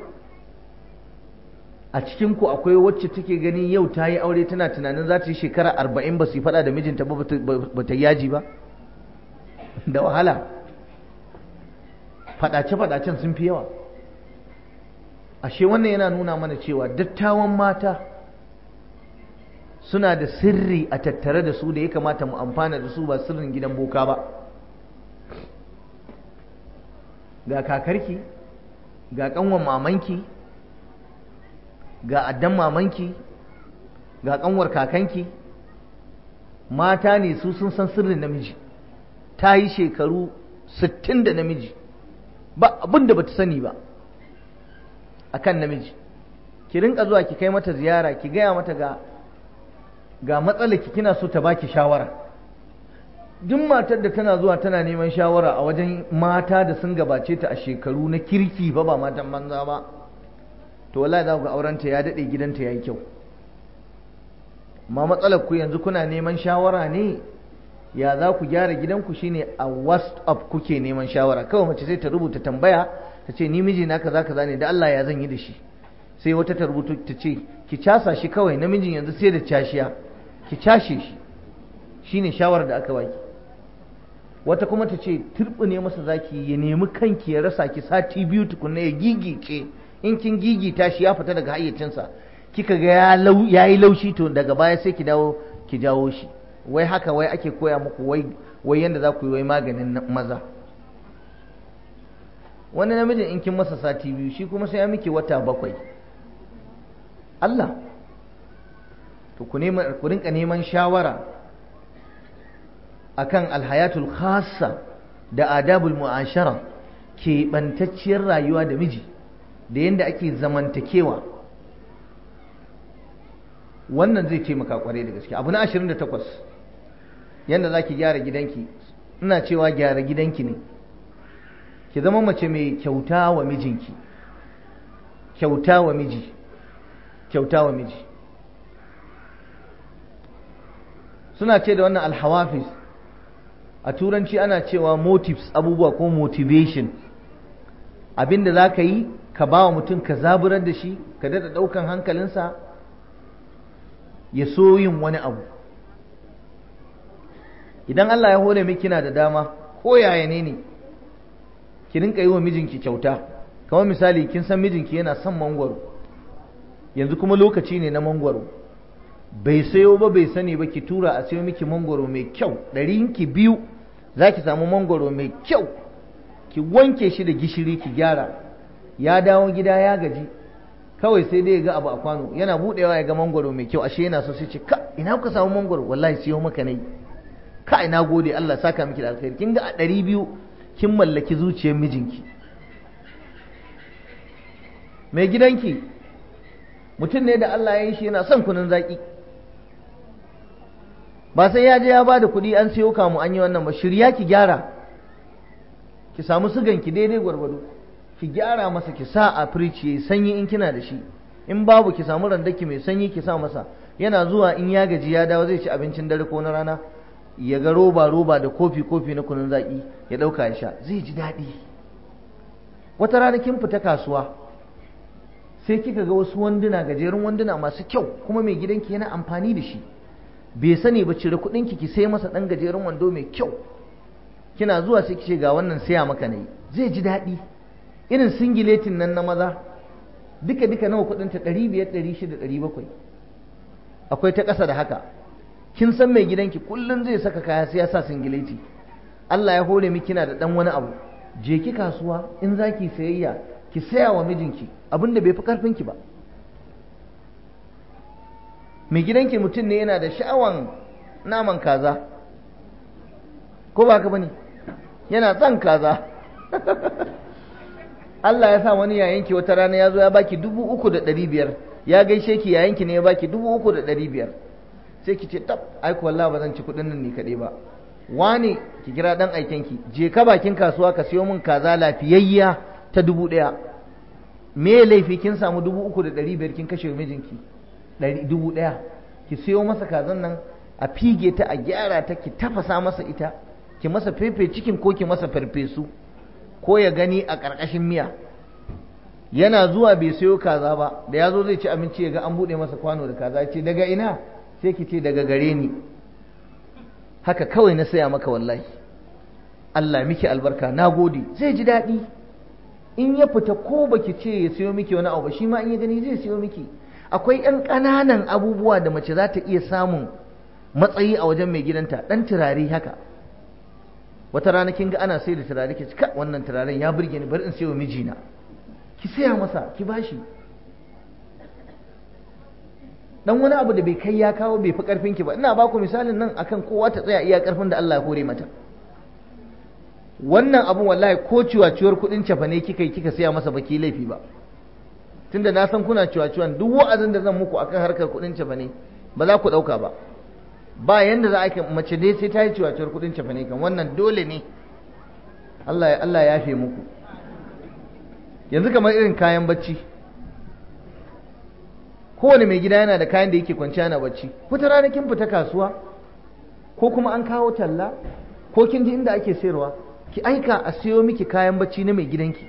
a cikin ku akwai wacce take gani yau ta yi aure tana tunanin za ta yi shekara arba'in ba su yi fada da mijinta ba ba ta yaji ba da wahala fadace-fadacen sun fi yawa ashe wannan yana nuna mana cewa dattawan mata suna da sirri a tattare da su da ya kamata mu amfana da su ba sirrin gidan boka ba ga kakarki ga kanwar mamanki ga addan mamanki ga kanwar kakanki mata ne su sun san sirrin namiji ta yi shekaru sittin da namiji ba abin da ta sani ba a kan namiji ki rinka zuwa ki kai mata ziyara ki gaya mata ga ga matsalaki kina so ta baki shawara duk matar da tana zuwa tana neman shawara a wajen mata da sun gabace ta a shekaru na kirki ba ba matan banza ba to wallahi za ku ga aurenta ya daɗe gidanta ya yi kyau ma matsalar ku yanzu kuna neman shawara ne ya za ku gyara gidanku shine a Of kuke neman shawara kawai mace sai ta rubuta tambaya ta ce ni miji na kaza kaza ne da Allah ya zan yi da shi sai wata ta rubuta ta ce ki casa shi kawai namijin yanzu sai da cashiya ki cashe shi shine shawarar da aka baki wata kuma ta ce ne masa zaki ya nemi kanki ya rasa ki sati biyu tukunna ya gigice in kin gigita shi ya fita daga hayyacinsa kika ga ya yi laushi to daga baya sai ki dawo ki jawo shi wai haka wai ake koya muku wai yadda za ku yi wai maganin maza wani namijin in kin masa sati biyu shi kuma sai ya miki wata bakwai Allah to ku rinka neman shawara akan alhayatul khassa da adabul mu'ashara keɓantacciyar rayuwa da miji da yadda ake zamantakewa wannan zai taimaka kwarai da gaske abu na 28 yadda za ki gyara gidanki ina cewa gyara gidanki ne ki zama mace mai kyauta wa mijinki kyauta wa miji kyauta wa miji suna ce da wannan alhawafis a turanci ana cewa motives abubuwa ko motivation abinda za ka yi ka ba wa mutum ka zaburar da shi ka daɗa ɗaukan hankalinsa ya so yin wani abu idan Allah ya hore miki kina da dama ko yaya ne ne ki rinka yi wa mijinki kyauta kamar misali kin san mijinki yana son mangwaro yanzu kuma lokaci ne na mangwaro bai sayo ba bai sani ba ki tura a sayo miki mangwaro mai kyau ɗarinki biyu za ki samu mangwaro mai kyau ki wanke shi da gishiri ki gyara ya dawo gida ya gaji kawai sai dai ya ga abu a kwano yana buɗewa ya ga mangwaro mai kyau ashe yana so sai ce ka ina kuka samu mangwaro wallahi siyo maka ne. kai na gode Allah saka miki da alkhairi kin ga a ɗari biyu kin mallaki zuciyar mijinki mai gidanki mutum ne da Allah ya yi shi yana son kunun zaki ba sai ya je ya ba da kuɗi an sayo kamu an yi wannan ba shirya ki gyara ki samu sugan ki daidai gwargwado ki gyara masa ki sa a firci yayi sanyi in kina da shi in babu ki samu randaki mai sanyi ki sa masa yana zuwa in ya gaji ya dawo zai ci abincin dare ko na rana ya ga roba roba da kofi kofi na kunun zaki ya dauka ya sha zai ji daɗi wata rana kin fita kasuwa sai kika ga wasu wanduna gajerun wanduna masu kyau kuma mai gidanki yana amfani da shi bai sani ba cire kuɗin ki sai masa ɗan gajerun wando mai kyau kina zuwa sai kice ga wannan saya maka nayi zai ji daɗi irin singiletin nan na maza duka duka nawa biyar, ta 500 600 700 akwai ta ƙasa da haka kin san mai gidanki kullum zai saka kaya sai ya sa singileti Allah ya hore miki kina da dan wani abu je ki kasuwa in zaki sayayya ki saya wa mijinki abinda bai fi karfin ki ba mai gidanki mutum ne yana da sha'awan naman kaza ko ba ka bane yana son kaza Allah ya sa wani yayanki wata rana ya zo ya baki dubu uku da ɗari biyar ya gaishe ki yayanki ne ya baki dubu uku da ɗari biyar sai ki ce tab ai wallahi ba zan ci kuɗin nan ni kaɗai ba wani ki kira dan aiken ki je ka bakin kasuwa ka siyo min kaza lafiyayya ta dubu ɗaya me laifi kin samu dubu uku da ɗari biyar kin kashe mijinki dubu ɗaya ki siyo masa kazan nan a fige ta a gyara ta ki tafasa masa ita ki masa fefe cikin ko ki masa farfesu ko ya gani a ƙarƙashin miya yana zuwa bai sayo kaza ba da ya zo zai ci abinci ya ga an buɗe masa kwano da kaza ce daga ina sai ki ce daga gare ni haka kawai na saya maka wallahi Allah miki albarka na gode zai ji daɗi in ya fita ko baki ce ya siyo miki wani abu shi ma in ya gani zai siyo miki akwai 'yan ƙananan abubuwa da mace za ta iya samun matsayi a wajen mai gidanta ɗan turare haka wata rana kin ga ana sai da turare ke cika wannan turaren ya burge ni bari in sayo mijina ki saya masa ki bashi dan wani abu da bai kai ya kawo bai fi karfin ki ba ina baku misalin nan akan kowa ta tsaya iya karfin da Allah ya kore mata wannan abu wallahi ko ciwaciwar kudin cafa ne kika yi kika saya masa baki laifi ba tunda na san kuna ciwaciwan duk wa'azin da zan muku akan harkar kudin cafa ne ba za ku dauka ba ba yanda za a mace dai sai ta yi ciwaciwar kudin cafa ne kan wannan dole ne Allah Allah ya yafe muku yanzu kamar irin kayan bacci kowane mai gida yana da kayan da yake kwanciya na bacci wata rana kin fita kasuwa ko kuma an kawo talla ko kin ji inda ake sayarwa ki aika a siyo miki kayan bacci na mai gidanki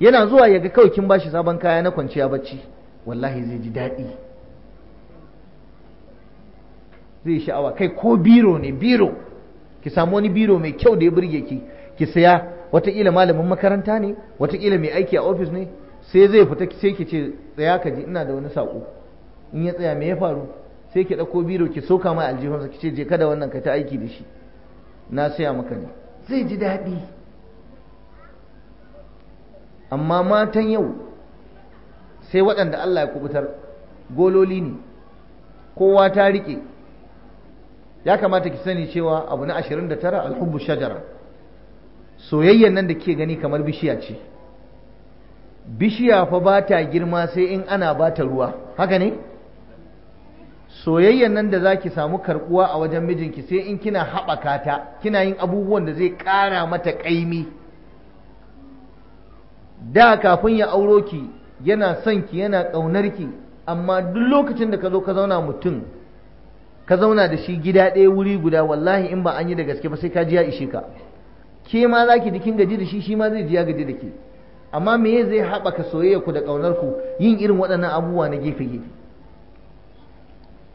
yana zuwa yaga ga kawai kin bashi sabon kaya na kwanciya bacci wallahi zai ji daɗi zai sha'awa kai ko biro ne biro ki samu wani biro mai kyau da ya burge ki ki saya wataƙila malamin makaranta ne wataƙila mai aiki a ofis ne sai zai fita sai ki ce tsaya ka ji ina da wani sako in ya tsaya me ya faru sai ki ɗauko biro ki soka mai aljihunsa ki ce je kada wannan ka ta aiki da shi na saya maka ne zai ji daɗi amma matan yau sai waɗanda Allah ya kubutar gololi ne kowa ta riƙe ya kamata ki sani cewa abu na 29 alhubbu shajara soyayyan nan da ke gani kamar bishiya ce bishiya fa ba ta girma sai in ana ba ta ruwa haka ne soyayyan nan da za ki samu karbuwa a wajen mijinki sai in kina haɓaka ta kina yin abubuwan da zai ƙara mata ƙaimi da kafin ya auro ki yana son ki yana ƙaunar ki amma duk lokacin da ka zo ka zauna mutum ka zauna da shi gida ɗaya wuri guda wallahi in ba an yi da gaske ba sai ka ji ya ishe ka ke ma za ki ji gaji da shi shi ma zai ji ya gaji da ke amma me zai haɓaka soyayyarku da ƙaunarku yin irin waɗannan abubuwa na gefe-gefe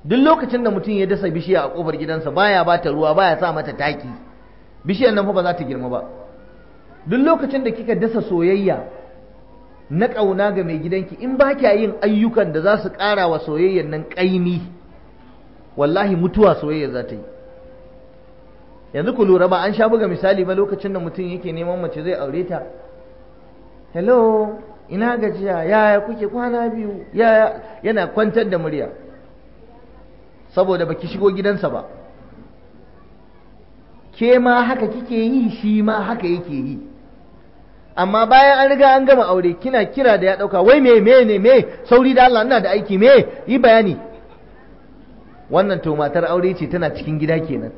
duk lokacin da mutum ya dasa bishiya a ƙofar gidansa baya ba ta ruwa baya sa mata taki bishiyar nan fa ba za ta girma ba duk lokacin da kika dasa soyayya na ƙauna ga mai gidanki in ba kya yin ayyukan da za su ƙara wa soyayyar nan ƙaimi wallahi mutuwa soyayya za ta yi yanzu ku lura ba an sha buga misali ba lokacin da mutum yake neman mace zai aure ta hello ina gajiya yaya kuke kwana biyu yaya yana kwantar da murya saboda baki shigo gidansa ba ke ma haka kike yi shi ma haka yake yi amma bayan an riga an gama aure kina kira da ya dauka wai me me ne me sauri da Allah ina da aiki me yi bayani wannan to matar aure ce tana cikin gida kenan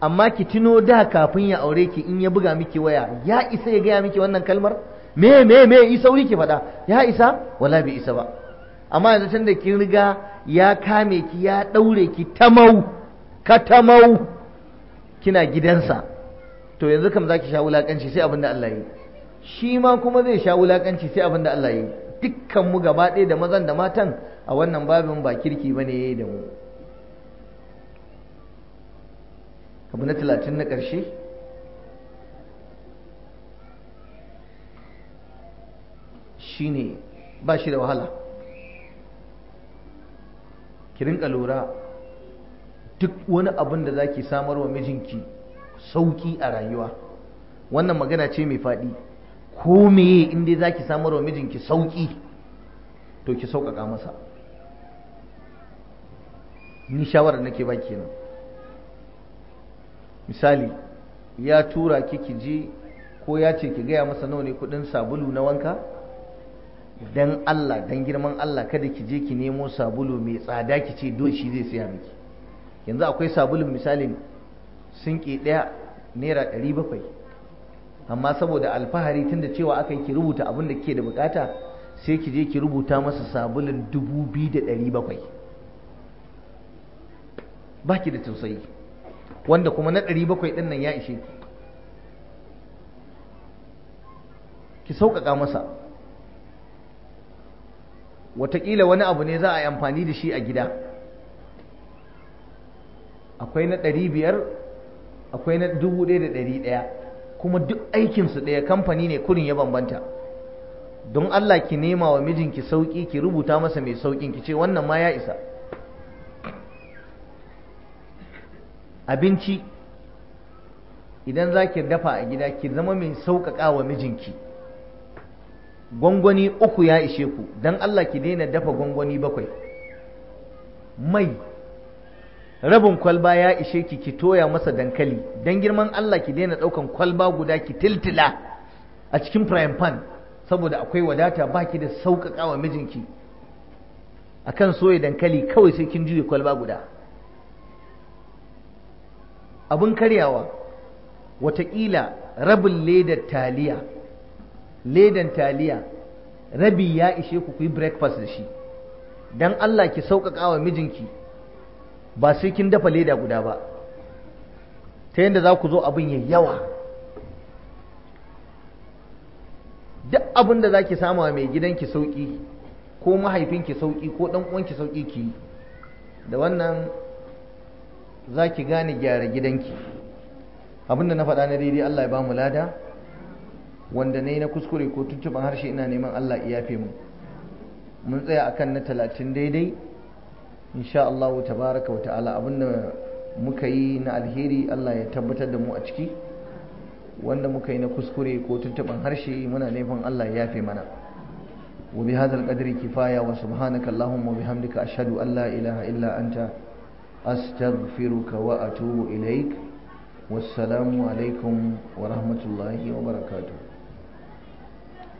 amma ki tuno da kafin ya aure ki in ya buga miki waya ya isa ya gaya miki wannan kalmar me me me isa wuri ki faɗa ya isa wala bai isa ba amma yanzu tun da kin riga ya kame ki ya ɗaure ki tamau ka tamau kina gidansa to yanzu kam zaki sha wulaƙanci sai abin da Allah yi shi ma kuma zai sha wulakanci sai abin da Allah yi dukkan mu gaba ɗaya da mazan da matan a wannan babin ba kirki ba ne da mu abu na talatin na ƙarshe shine ba shi da wahala ki rinƙa lura duk wani abin da zaki samar wa mijinki sauki a rayuwa wannan magana ce mai faɗi ko meye in dai zaki samar wa mijinki sauki to ki sauƙaƙa masa ni shawarar nake ba kenan misali ya tura ki ki je ko ya ce ki gaya masa nawa ne kuɗin sabulu na wanka dan Allah dan girman Allah kada ki je ki nemo sabulu mai tsada ki ce do shi zai saya miki yanzu akwai sabulun misalin sinki ɗaya naira ɗari bakwai amma saboda alfahari tunda cewa aka yi ki rubuta abin da kike da bukata sai ki je ki rubuta masa sabulun dubu biyu da ɗari bakwai ba ki da tausayi wanda kuma na ɗari bakwai ɗin nan ya ishe ki sauƙaƙa masa watakila wani abu ne za a yi amfani da shi a gida akwai na ɗari biyar akwai na dubu ɗaya da ɗari ɗaya kuma duk aikinsu ɗaya kamfani ne kurin ya bambanta don Allah ki nema wa mijinki sauƙi ki rubuta masa mai sauƙin ki ce wannan ma ya isa abinci idan za ki dafa a gida ki zama mai sauƙaƙa wa mijinki gwangwani uku ya ishe ku don Allah ki daina dafa gwangwani bakwai mai rabin kwalba ya ishe ki ki toya masa dankali don girman Allah ki daina ɗaukan kwalba guda ki tiltila a cikin frying pan saboda akwai wadata baki da sauƙaƙa wa mijinki A kan soya dankali kawai sai kin juye kwalba guda abin karyawa wataƙila rabin ledar taliya ledan taliya rabi ya ishe ku kuyi breakfast da shi dan Allah ki sauƙaƙa wa mijinki ba sai kin dafa leda guda ba ta yadda za ku zo abin ya yawa duk abin da za ki sama wa mai gidanki sauƙi ko mahaifinki sauƙi ko ɗan uwanki sauƙi ki da wannan za ki gane gyara gidanki abin da na faɗa na daidai Allah ya ba mu lada wanda na yi na kuskure ko tuntuban harshe ina neman Allah ya yafe mun mun tsaya akan na talatin daidai insha Allah tabaraka wa ta'ala abinda muka yi na alheri Allah ya tabbatar da mu a ciki wanda muka yi na kuskure ko tuntuban harshe muna neman Allah ya yafe mana wa bi hadha qadri kifaya wa subhanaka allahumma wa bihamdika ashhadu an la ilaha illa anta astaghfiruka wa atubu ilaik wassalamu alaikum wa rahmatullahi wa